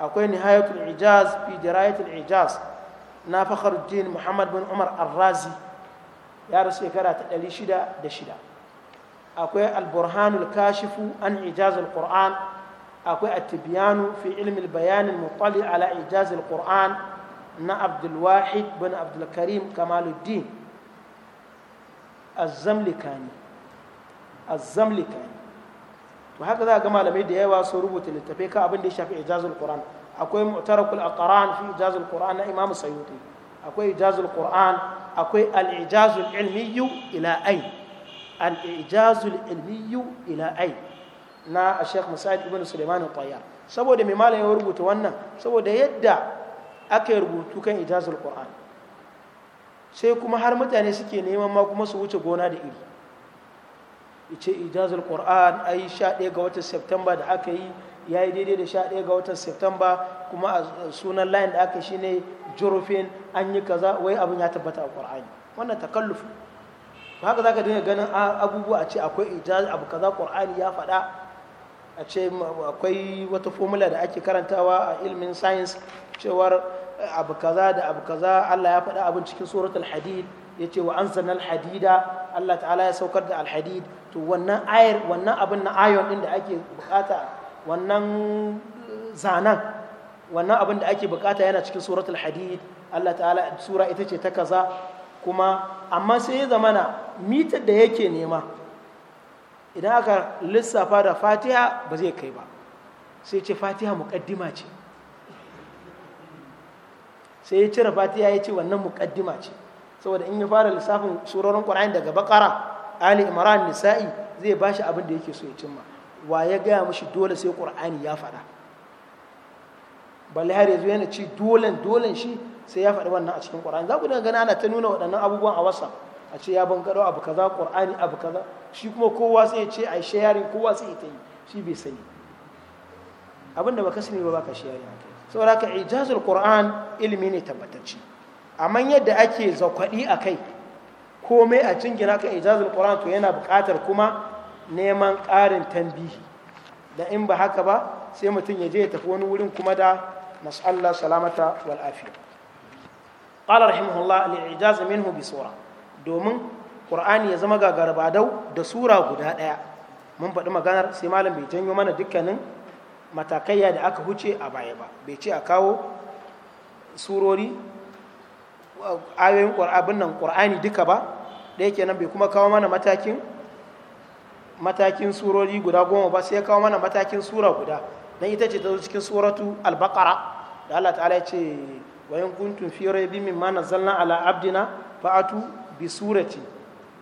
akwai nihayatul ijaz fi dirayatul ijaz na fakhruddin muhammad bin umar ar-razi ya rasu shekara ta ɗari shida da shida akwai alburhanul kashifu an ijazul qur'an akwai atibiyanu fi ilmi bayanin mutali ala ijazul qur'an na abdulwahid bin abdulkarim kamaluddin azzamlikani azzamlikani to haka za ga malamai da yawa sun rubuta littafai ka abin da ya shafi ijazul qur'an akwai mu'tarakul aqran fi ijazul qur'an na imam sayyuti akwai ijazul qur'an akwai al-ijazul ilmiyyu ila ai al-ijazul ila ai na Sheikh Musa'id ibn Sulaiman al saboda mai malam ya rubuta wannan saboda yadda aka rubutu kan ijazul qur'an sai kuma har mutane suke neman ma kuma su wuce gona da iri ice ijazul qur'an ai 11 ga watan September da aka yi ya yi daidai da 11 ga watan September kuma a sunan layin da aka shi ne jurufin an yi kaza wai abin ya tabbata a ƙur'ani wannan takallufi ba haka za ka dinga ganin abubuwa a ce akwai ijaz abu kaza ƙur'ani ya faɗa a ce akwai wata formula da ake karantawa a ilmin science cewar eh, abu kaza da abu kaza Allah ya faɗa abin cikin suratul hadid ya ce wa anzalna hadida Allah ta'ala ya saukar da alhadid to wannan ayar wannan abin na ayon din da ake bukata wannan zanan wannan abin da ake bukata yana cikin suratul hadid Allah ta'ala sura ita ce ta kaza kuma amma sai ya zamana mitar da yake nema idan aka lissafa da fatiha ba zai kai ba sai ce fatiha mukaddima ce sai ya cire fatiha ya ce wannan mukaddima ce saboda in ya fara lissafin surorin ƙwararren daga bakara ali imran nisa'i zai ba shi abin da yake so ya cimma wa ya gaya mashi dole sai ƙwararren ya faɗa balle har yanzu yana ci dolen dolen shi sai ya faɗi wannan a cikin ƙur'ani za ku dinga gani ana ta nuna waɗannan abubuwan a wasa a ce ya bankaro abu kaza ƙur'ani abu kaza shi kuma kowa sai ya ce a sharing kowa sai ta yi shi bai sani abin da baka sani ba baka sharing a kai saboda ka ijazul qur'an ilimi ne tabbatacce amma yadda ake zakwadi a kai komai a jingina kan ijazul qur'an to yana buƙatar kuma neman ƙarin tambihi da in ba haka ba sai mutum ya je ya tafi wani wurin kuma da نسأل الله سلامة والعافية قال رحمه الله الإعجاز منه Domin دومن ya zama غربا دو da sura guda ɗaya mun faɗi maganar sai malam bai janyo mana dukkanin matakaiya da aka huce a baya ba bai ce a kawo surori ayoyin abin nan ƙur'ani duka ba ɗaya kenan bai kuma kawo mana matakin surori guda goma ba sai ya kawo mana matakin sura guda dan ita ce ta zo cikin suratu al-baqara da Allah ta'ala ya ce wa in kuntum fi raibin mimma nazzalna ala abdina fa'atu bi surati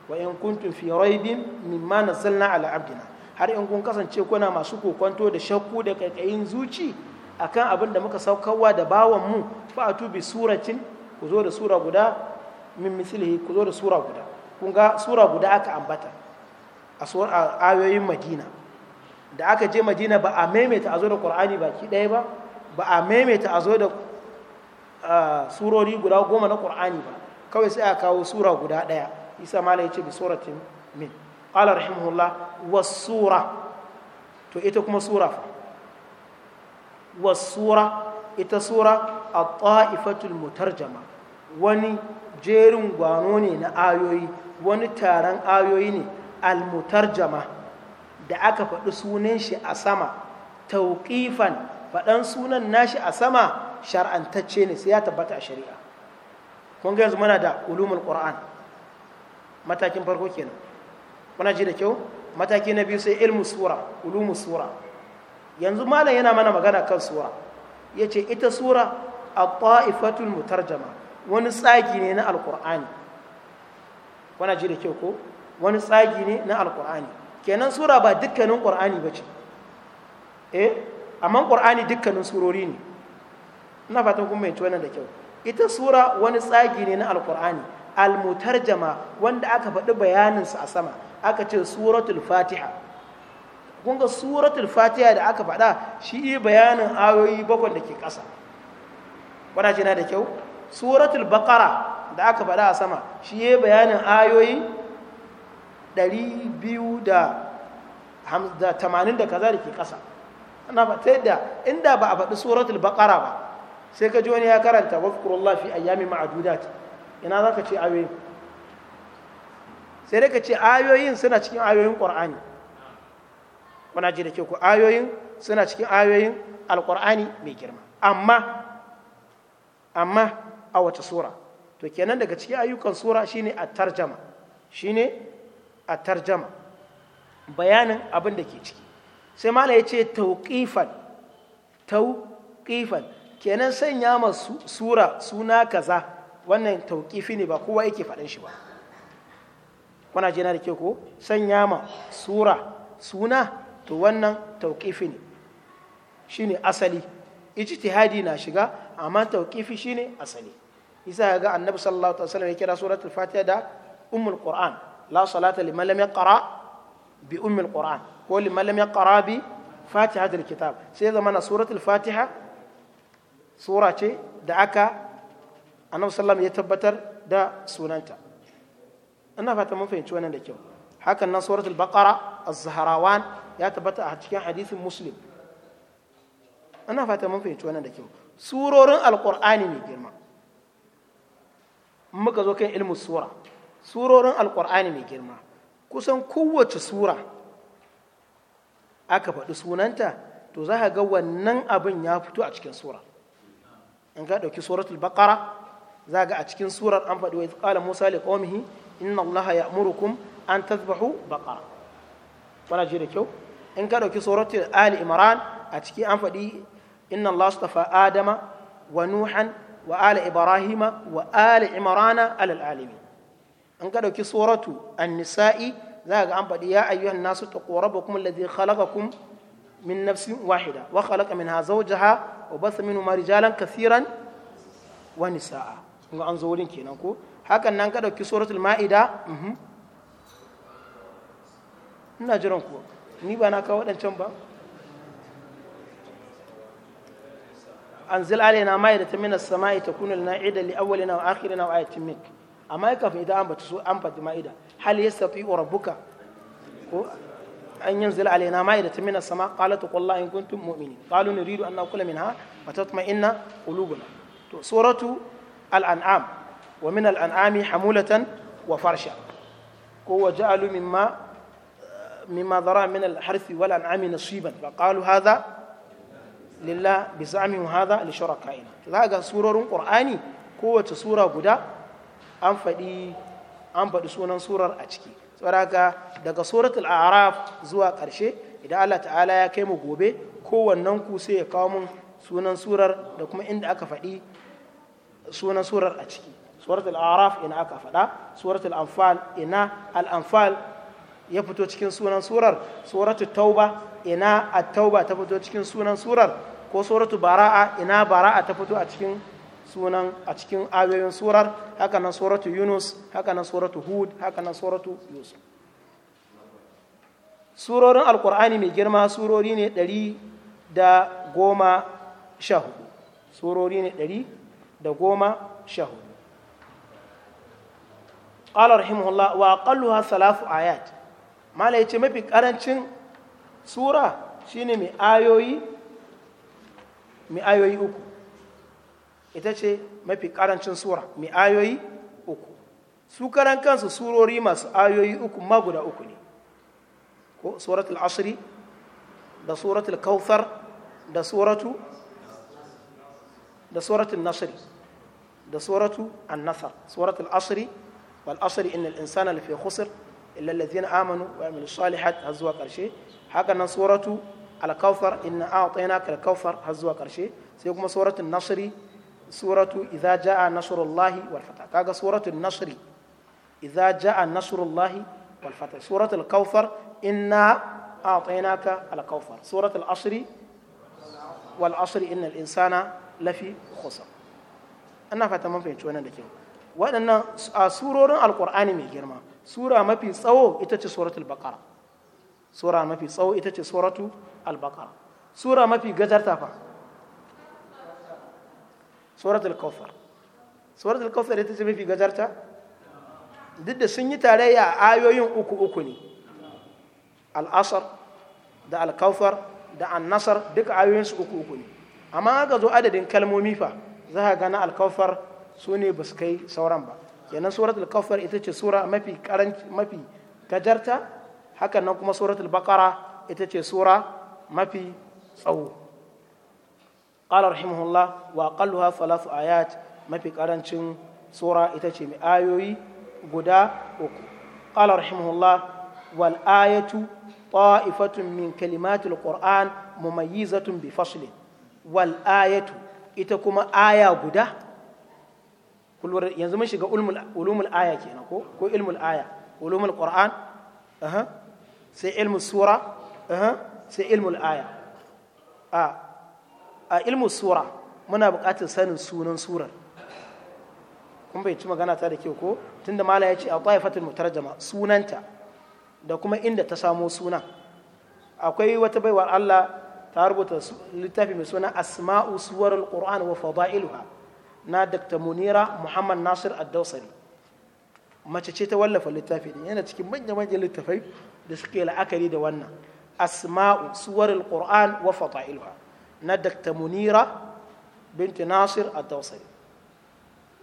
wa in kuntum fi raibin mimma nazzalna ala abdina har in kun kasance kuna masu kokonto da shakku da kaikayin zuci akan abin da muka saukarwa da bawan mu fa'atu bi suratin ku zo da sura guda min mislihi ku zo da sura guda kun ga sura guda aka ambata a ayoyin madina da aka je madina ba a maimaita a zo da ba baki ɗaya ba ba a maimaita a zo da surori guda goma na ƙur'ani ba kawai sai a kawo sura guda ɗaya isa mala ya ce bi suratin min ala rahimahullah was sura to ita kuma sura fa was sura ita sura a ta'ifatul mutarjama wani jerin gwano ne na ayoyi wani taron ayoyi ne al mutarjama da aka faɗi sunan shi a sama tauƙifan faɗan sunan nashi a sama shar'antacce ne sai ya tabbata a shari'a kun ga yanzu muna da ulumul qur'an matakin farko kenan muna ji da kyau mataki na biyu sai ilmu sura ulumu sura yanzu malam yana mana magana kan sura ce ita sura at-ta'ifatul mutarjama wani tsagi ne na alƙur'ani kuna ji da kyau ko wani tsagi ne na alƙur'ani kenan sura ba dukkanin ƙur'ani ba ce eh amma ƙur'ani dukkanin surori ne na fatan kun mai wannan da kyau ita sura wani tsagi ne na almutar jama wanda aka faɗi bayaninsa a sama aka ce suratul fatiha kun suratul fatiha da aka faɗa shi bayanin ayoyi bakwai da ke ƙasa wadda na da kyau suratul baƙara da aka faɗa a sama shi bayanin ayoyi 280 da da kaza da ke ƙasa ana ba ta yadda inda ba a faɗi suratul baqara ba sai ka ji wani ya karanta wafkurullah fi ayyami ma'adudat ina za ka ce ayoyin sai dai ka ce ayoyin suna cikin ayoyin ƙwar'ani Wana ji da ke ku ayoyin suna cikin ayoyin alƙwar'ani mai girma amma amma a wata sura to kenan daga cikin ayyukan sura shine a tarjama shine a tarjama bayanin abin da ke ciki sai mala ya ce tauƙifan tauƙifan kenan sanya ma sura suna kaza wannan tauƙifi ne ba kowa yake faɗin shi ba kuna jina da ke ko sanya ma sura suna to wannan tauƙifi ne shi ne asali ijtihadi na shiga amma tauƙifi shi ne asali isa ga annabi sallallahu alaihi wasallam ya kira suratul fatiha da ummul qur'an la salata liman lam yaqra bi ummil qur'an ko liman lam yaqra bi fatihatul kitab sai zama na suratul fatiha sura ce da aka annabi sallallahu ya tabbatar da sunanta ina fata mun fahimci wannan da kyau hakan nan suratul baqara az-zahrawan ya tabbata a cikin hadisin muslim ina mun fahimci wannan da kyau surorin alqur'ani ne girma muka zo kan ilmu sura surorin alkur'ani mai girma kusan kowace sura aka faɗi sunanta to za ka ga wannan abin ya fito a cikin sura in ka ɗauki suratul baqara za ga a cikin surar an faɗi wa qala musa li qaumihi inna allaha ya'murukum an tadhbahu baqara wana ji da kyau in ka ɗauki suratul ali imran a ciki an faɗi inna allaha adama wa nuhan wa ala ibrahima wa ala imrana alal alamin an ka ɗauki suratu an-nisa'i za ga an faɗi ya ayyuhan nasu taqrabukum alladhi khalaqakum min nafsin wahida wa khalaqa minha zawjaha wa batha minhuma rijalan kathiran wa nisaa kun an zo wurin kenan ko hakan nan ka ɗauki suratul ma'ida mhm. ina jiran ku ni ba na kawo waɗancan ba anzil alaina ma'idatan minas sama'i takunu lana idan li awwalina wa akhirina wa ayatin minka amma kafin ita an ba so an faɗi ma'ida hal yasa fi rabbuka ko an yanzil alaina ma'ida ta mina sama qalat qulla in kuntum mu'mini qalu nuridu min ha. minha wa tatma'inna qulubuna to suratu al-an'am wa min al-an'ami hamulatan wa farsha ko wa ja'alu mimma mimma dara min al-harthi wal an'ami nasiban fa qalu hadha lillah bi za'mi hadha li shurakaina laga surarun qur'ani kowace sura guda an faɗi an faɗi sunan surar a ciki saboda daga suratul araf zuwa ƙarshe idan Allah ta'ala ya kai mu gobe kowannen ku sai ya kawo mun sunan surar da kuma inda aka faɗi sunan surar a ciki suratul araf ina aka faɗa suratul anfal ina al-anfal ya fito cikin sunan surar suratul tauba ina at-tauba ta fito cikin sunan surar ko suratul bara'a ina bara'a ta fito a cikin sunan a cikin ayoyin surar haka nan suratu yunus haka nan suratu hud haka nan suratu yusuf surorin alkur'ani mai girma surori ne ɗari da goma sha hudu surori ne da goma sha hudu rahimahullah wa ƙalluha salafu ayat mala yace mafi karancin sura shine mai ayoyi mai ayoyi uku ita ce mafi karancin sura mai ayoyi uku su karan kansu surori masu ayoyi uku ma guda uku ne ko suratul asiri da suratul kautsar da suratu da suratul nasri da suratu an suratul asri wal asri innal insana lafi khusr illa alladhina amanu wa amilus salihat har zuwa karshe haka nan suratu al-kautsar inna a'tainaka al-kautsar har zuwa karshe sai kuma suratul nasri suratu idza jaa nasrullahi wal fath kaga suratul nasri idza jaa nasrullahi wal fath suratul kautsar inna a'tainaka al kautsar suratul asri wal asri innal insana lafi khusr ina fata mun fahimci wannan da kyau waɗannan a surorin alkur'ani mai girma sura mafi tsawo ita ce suratul baqara sura mafi tsawo ita ce suratul al-baqara sura mafi gajarta fa suratul kawthar suratul kawthar ita ce mafi gajarta duk da sun yi tarayya a ayoyin uku uku ne al'asar da alkawthar da annasar duka ayoyinsu uku uku ne amma aka zo adadin kalmomi fa za a gana alkawthar su ne ba su kai sauran ba kenan suratul kawthar ita ce sura mafi karanci mafi gajarta hakan nan kuma suratul bakara ita ce sura mafi tsawo qala rahimahullah wa aqalluha thalathu ayat mafi karancin sura ita ce mai ayoyi guda uku qala rahimahullah wal ayatu ta'ifatun min kalimatil qur'an mumayyizatun bi faslin wal ayatu ita kuma aya guda yanzu mun shiga ulumul aya kenan ko ko ilmul aya ulumul qur'an aha sai ilmus sura aha sai ilmul aya a ilmu sura muna bukatar sanin sunan surar kun bai ci magana ta da kyau ko tunda mala ya ce a mu mutarjama sunanta da kuma inda ta samo suna akwai wata baiwar Allah ta rubuta littafi mai suna asma'u suwarul qur'an wa fada'iluha na Dr. Munira Muhammad Nasir Ad-Dawsari mace ce ta wallafa littafi din yana cikin manyan manyan littafai da suke la'akari da wannan asma'u suwarul qur'an wa fada'iluha na Dr. Munira binti Nasir a tausari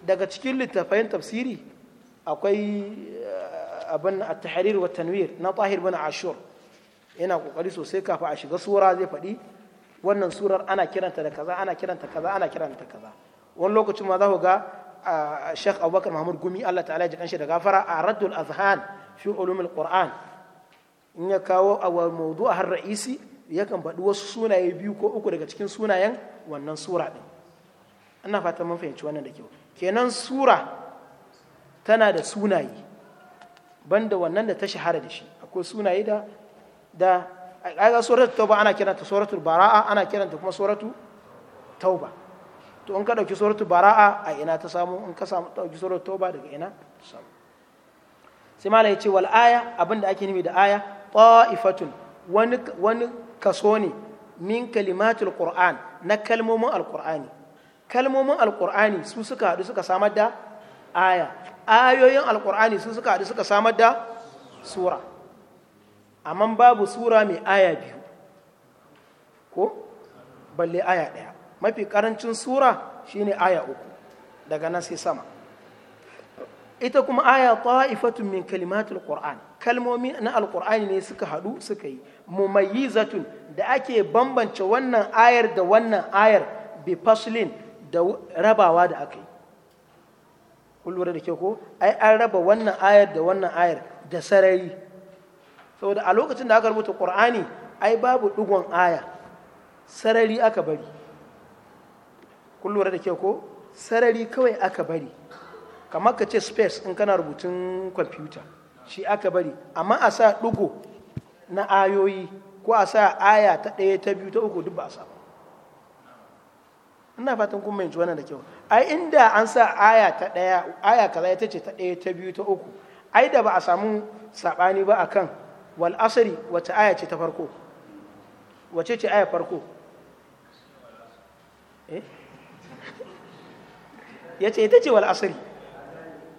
daga cikin littafayin tafsiri akwai eh, abin a tahrir wa tanwir na Tahir bin Ashur yana kokari sosai kafin a shiga sura zai faɗi wannan surar ana kiranta da kaza ana kiranta kaza ana kiranta kaza wani lokacin ma za ku ga eh, Sheikh Abubakar Mahmud Gumi Allah ta'ala ya ji kanshi da gafara a Raddul Azhan fi ulumul Qur'an in ya kawo awal mawdu'a har ra'isi yakan faɗi wasu sunaye biyu ko uku daga cikin sunayen wannan sura ɗin ana fata mun fahimci wannan da kyau kenan sura tana da sunaye banda wannan da ta shahara da shi akwai sunaye da da aga suratul tauba ana kiranta suratul bara'a ana kiranta kuma suratul tauba to in ka dauki suratul bara'a a ina ta samu in ka samu dauki suratul tauba daga ina ta samu sai malai ya ce wal aya abinda ake nufi da aya ta'ifatun wani wani kaso ne min kalimatul qur'an na kalmomin alqur'ani kalmomin alqur'ani su suka haɗu suka samar da aya ayoyin alqur'ani su suka haɗu suka samar da sura amma babu sura mai aya biyu ko balle aya ɗaya mafi karancin sura shine aya uku daga nan sai sama ita kuma aya ta'ifatun min kalimatul qur'an kalmomi na alkur'ani ne suka haɗu suka yi mumayyizatun da ake bambance wannan ayar da wannan ayar bi faslin da rabawa da aka yi kullum da ke ko ai an raba wannan ayar da wannan ayar da sarari saboda a lokacin da aka rubuta ƙur'ani ai babu ɗigon aya sarari aka bari kullum da ke ko sarari kawai aka bari kamar ka ce space in kana rubutun kwamfuta shi aka bari amma a sa ɗugo na ayoyi ko a sa aya ta ɗaya ta biyu ta uku duk ba a sa ba ina fatan kun yanzu wannan da kyau ai inda an sa aya ta ɗaya aya kaza ita ce ta ɗaya ta biyu ta uku ai da ba a samu saɓani ba akan wal asri wata aya ce ta farko wace ce aya farko eh (laughs) ya ce ita ce wal asri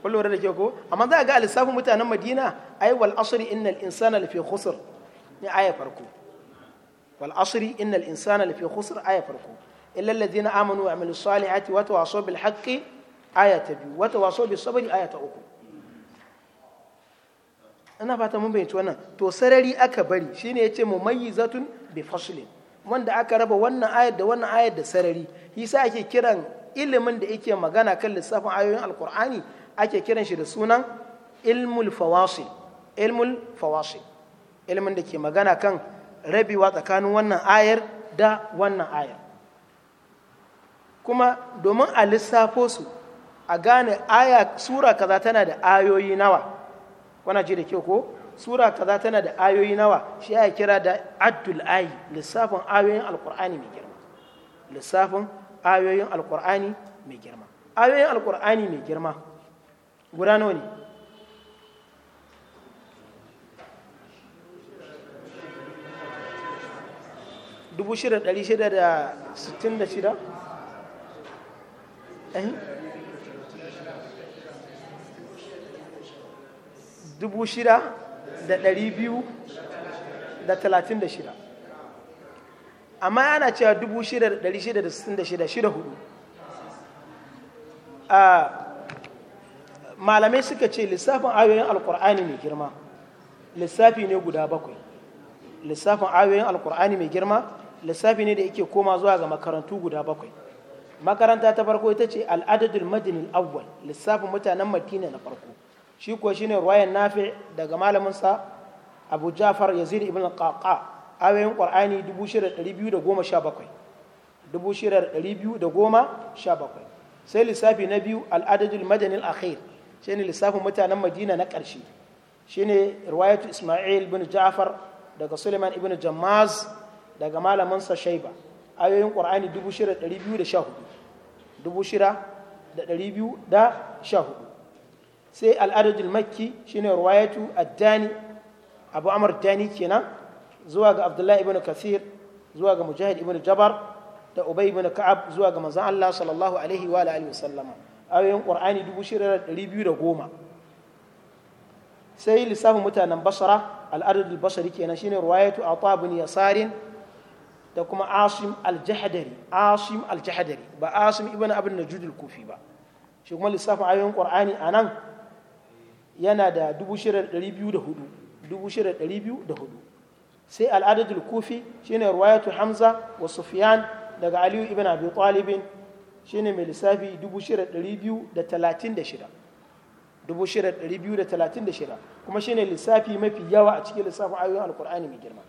kun lura da ke ko amma za a ga lissafin mutanen madina ai wal asri innal insana lafi khusr ne aya farko wal asri innal insana lafi khusr aya farko illa alladhina amanu wa amilus salihati wa tawasaw bil haqqi aya ta biyu wa tawasaw bis sabri aya ta uku ina fata mun bayyace wannan to sarari aka bari shine yace mumayyizatun bi faslin wanda aka raba wannan ayar da wannan ayar da sarari yasa ake kiran ilimin da yake magana kan lissafin ayoyin alkur'ani ake kiran shi da sunan ilmul fawasil ilmul fawasil ilmin da ke magana kan rabewa tsakanin wannan ayar da wannan ayar kuma domin a lissafo su a gane aya sura kaza tana da ayoyi nawa wana ji da kyau ko sura kaza tana da ayoyi nawa shi ya kira da addul ayi lissafin ayoyin alkur'ani mai girma lissafin ayoyin alkur'ani mai girma ayoyin alkur'ani mai girma guda nawa ne dubu shida ɗari shida da sittin da shida dubu shida da ɗari biyu da talatin da shida amma yana cewa dubu shida da ɗari shida da sittin da shida shida hudu a ah, malamai suka ce lissafin ayoyin alkur'ani mai girma lissafi ne guda bakwai lissafin ayoyin alkur'ani mai girma lissafi ne da yake koma zuwa ga makarantu guda bakwai makaranta ta farko ita ce al'adadul madinin awwal lissafin mutanen madina na farko shi ko shine ruwayan nafi daga malaminsa sa abu jafar yazid ibn qaqa ayoyin ƙwar'ani 6217 sai lissafi na biyu al'adadul madinin akhir ne lissafin mutanen madina na ƙarshe shine riwayatu isma'il bin ja'far daga suleiman ibn jamaz daga malaminsa shaiba ayoyin ƙwar'ani 6,214 sai al'adajul makki shine riwayatu addani abu amur dani kenan zuwa ga abdullahi ibn kathir zuwa ga mujahid ibn jabar da ubay ibn ka'ab zuwa ga manzon Allah sallallahu alaihi wa wasallama ayoyin ƙur'ani 6,210 sai lissafin mutanen basara al'adadul basari kenan shine ruwayatu ata bin yasarin da kuma asim al-jahadari asim al-jahadari ba asim ibn abin na al-kufi ba shi kuma lissafin ayoyin ƙur'ani a nan yana da 6,204 sai al'adadul kufi shine ruwayatu hamza wa Sufiyan daga aliyu ibn abi talibin shine mai lissafi 6,236 kuma shine lissafi mafi yawa a cikin lissafin ayoyin alkur'ani mai girma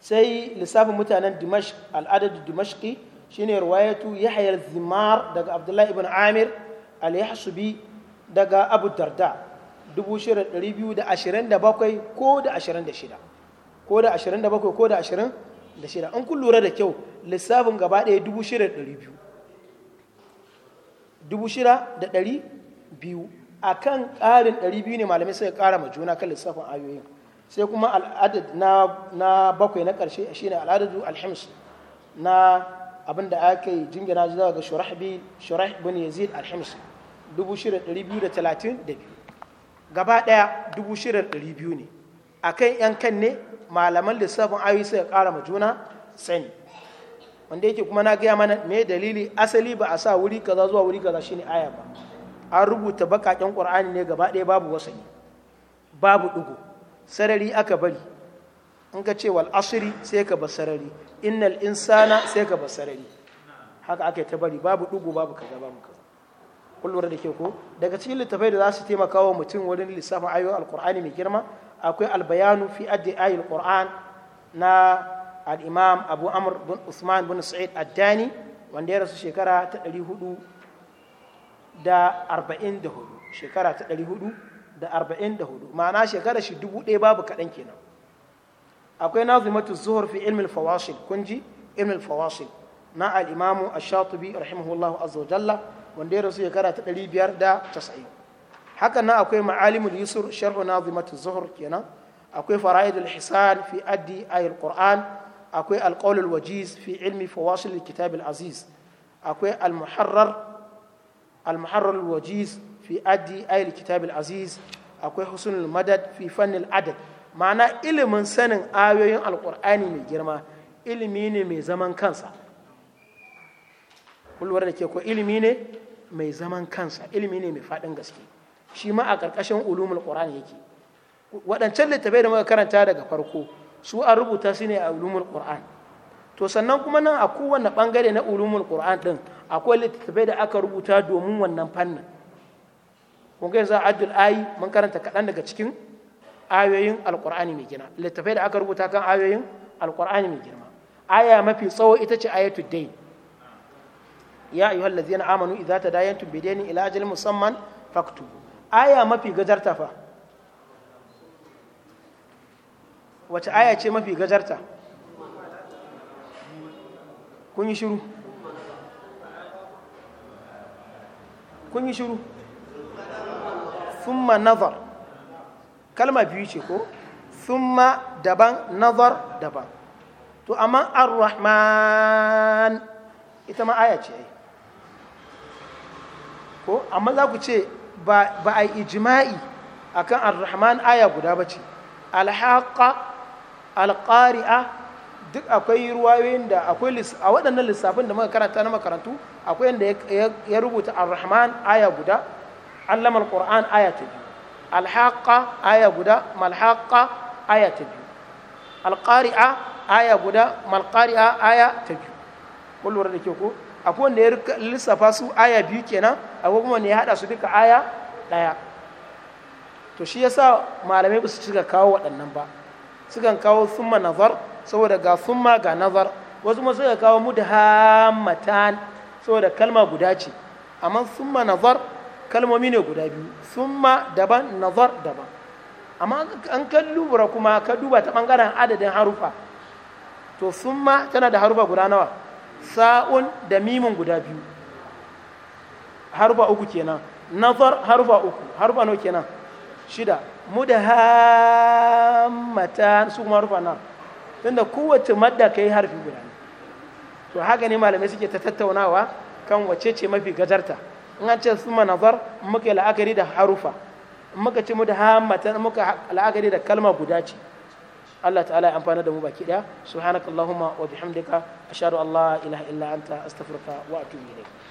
sai lissafin mutanen dimashq al'adadu dimashqi shine ruwayatu hayar zimar daga abdullahi ibn amir al-yahsubi daga abu darda 6,227 ko da 26 ko da 27 ko da 26 in kun lura da kyau lissafin gaba ɗaya dubu shida da ɗari biyu dubu shida da ɗari biyu a kan ƙarin ɗari biyu ne malamai suka ƙara ma juna kan lissafin ayoyin sai kuma al'adad na bakwai na ƙarshe shi ne al'adadu alhims na abin da aka yi jingina zuwa ga shurah bin yazid alhims dubu shida ɗari biyu da talatin da biyu gaba ɗaya dubu shida ɗari biyu ne a kan 'yan kan ne malaman lissafin ayoyi suka ƙara ma juna sani wanda yake kuma na gaya mana me dalili asali ba a sa wuri kaza zuwa wuri kaza shine aya ba an rubuta bakaƙen ƙur'ani ne gaba ɗaya babu wasani babu ɗigo sarari aka bari in ka ce wal asiri sai ka bar sarari innal insana sai ka bar sarari haka aka yi ta bari babu ɗigo babu kaza babu kaza kullum da ke ko daga cikin littafai da za su taimaka wa mutum wurin lissafin ayoyin Alƙur'ani mai girma akwai albayanu fi addi ayil ƙur'an na al-imam abu Amar bin usman bin sa'id ad-dani wanda ya rasu shekara ta 444 shekara ta 444 ma'ana shekara shi dubu ɗaya babu kaɗan kenan akwai nazimatu zuhur fi ilmin fawasil kunji ilmin fawasil na al-imam ash rahimahullahu azza wanda ya rasu shekara ta 590 haka nan akwai ma'alimul yusur sharhu nazimatuz zuhur kenan akwai fara'idul hisan fi addi ayil qur'an akwai alƙaulul wajiz fi ilmi fawasil kitab aziz akwai al-muharrar wajiz fi addi ayil kitab aziz akwai husnul madad fi fannin adad ma'ana ilimin sanin ayoyin alƙur'ani mai girma ilimi ne mai zaman kansa kulwar da ke ko ilimi ne mai zaman kansa ilimi ne mai faɗin gaske shi ma a ƙarƙashin ulumul ƙur'ani yake waɗancan littafai da muka karanta daga farko su a rubuta su ne a ulumul qur'an to sannan kuma nan a kowane bangare na ulumul qur'an din akwai littattafai da aka rubuta domin wannan fannin kun ga yanzu abdul ayi mun karanta kaɗan daga cikin ayoyin alqur'ani mai gina littattafai da aka rubuta kan ayoyin alqur'ani mai girma aya mafi tsawo ita ce ayatu dayn ya ayyuhallazina amanu idza tadayantum bidaynin ila ajalin musamman faktubu aya mafi gajarta fa wace aya ce mafi gajarta kun yi shiru kun yi shiru thumma nazar kalma biyu ce ko thumma daban nazar daban to amma ar-rahman ita ma aya ce ko amma za ku ce ba a yi ijima'i akan ar-rahman aya guda ba ce alhaqa alƙari'a duk akwai ruwayoyin da akwai a waɗannan lissafin da muka karanta na makarantu akwai yadda ya rubuta ar-rahman aya guda allama al-qur'an aya ta biyu alhaqa aya guda malhaƙa aya ta biyu alqari'a aya guda malqari'a aya ta biyu kun da ke ko akwai wanda ya lissafa su aya biyu kenan akwai kuma ne ya haɗa su duka aya ɗaya to shi yasa malamai ba su cika kawo waɗannan ba sukan kawo summa nazar saboda ga summa ga nazar wasu kuma suka kawo mudhammatan saboda kalma guda ce amma summa nazar kalmomi ne guda biyu summa daban nazar daban amma an kan lura kuma ka duba ta bangaren adadin harufa to summa tana da harufa guda nawa sa'un da mimin guda biyu harufa uku kenan nazar harufa uku harufa nawa kenan shida mudhammatan su kuma rufa nan tunda kowace madda kai harfi guda ne to haka ne malamai suke ta tattaunawa kan wace ce mafi gazarta in an ce summa nazar muka yi la'akari da harufa muka ce mudhammatan muka la'akari da kalma guda ce Allah ta'ala ya amfana da mu baki daya subhanakallahumma wa bihamdika ashhadu an la ilaha illa anta astaghfiruka wa atubu ilayk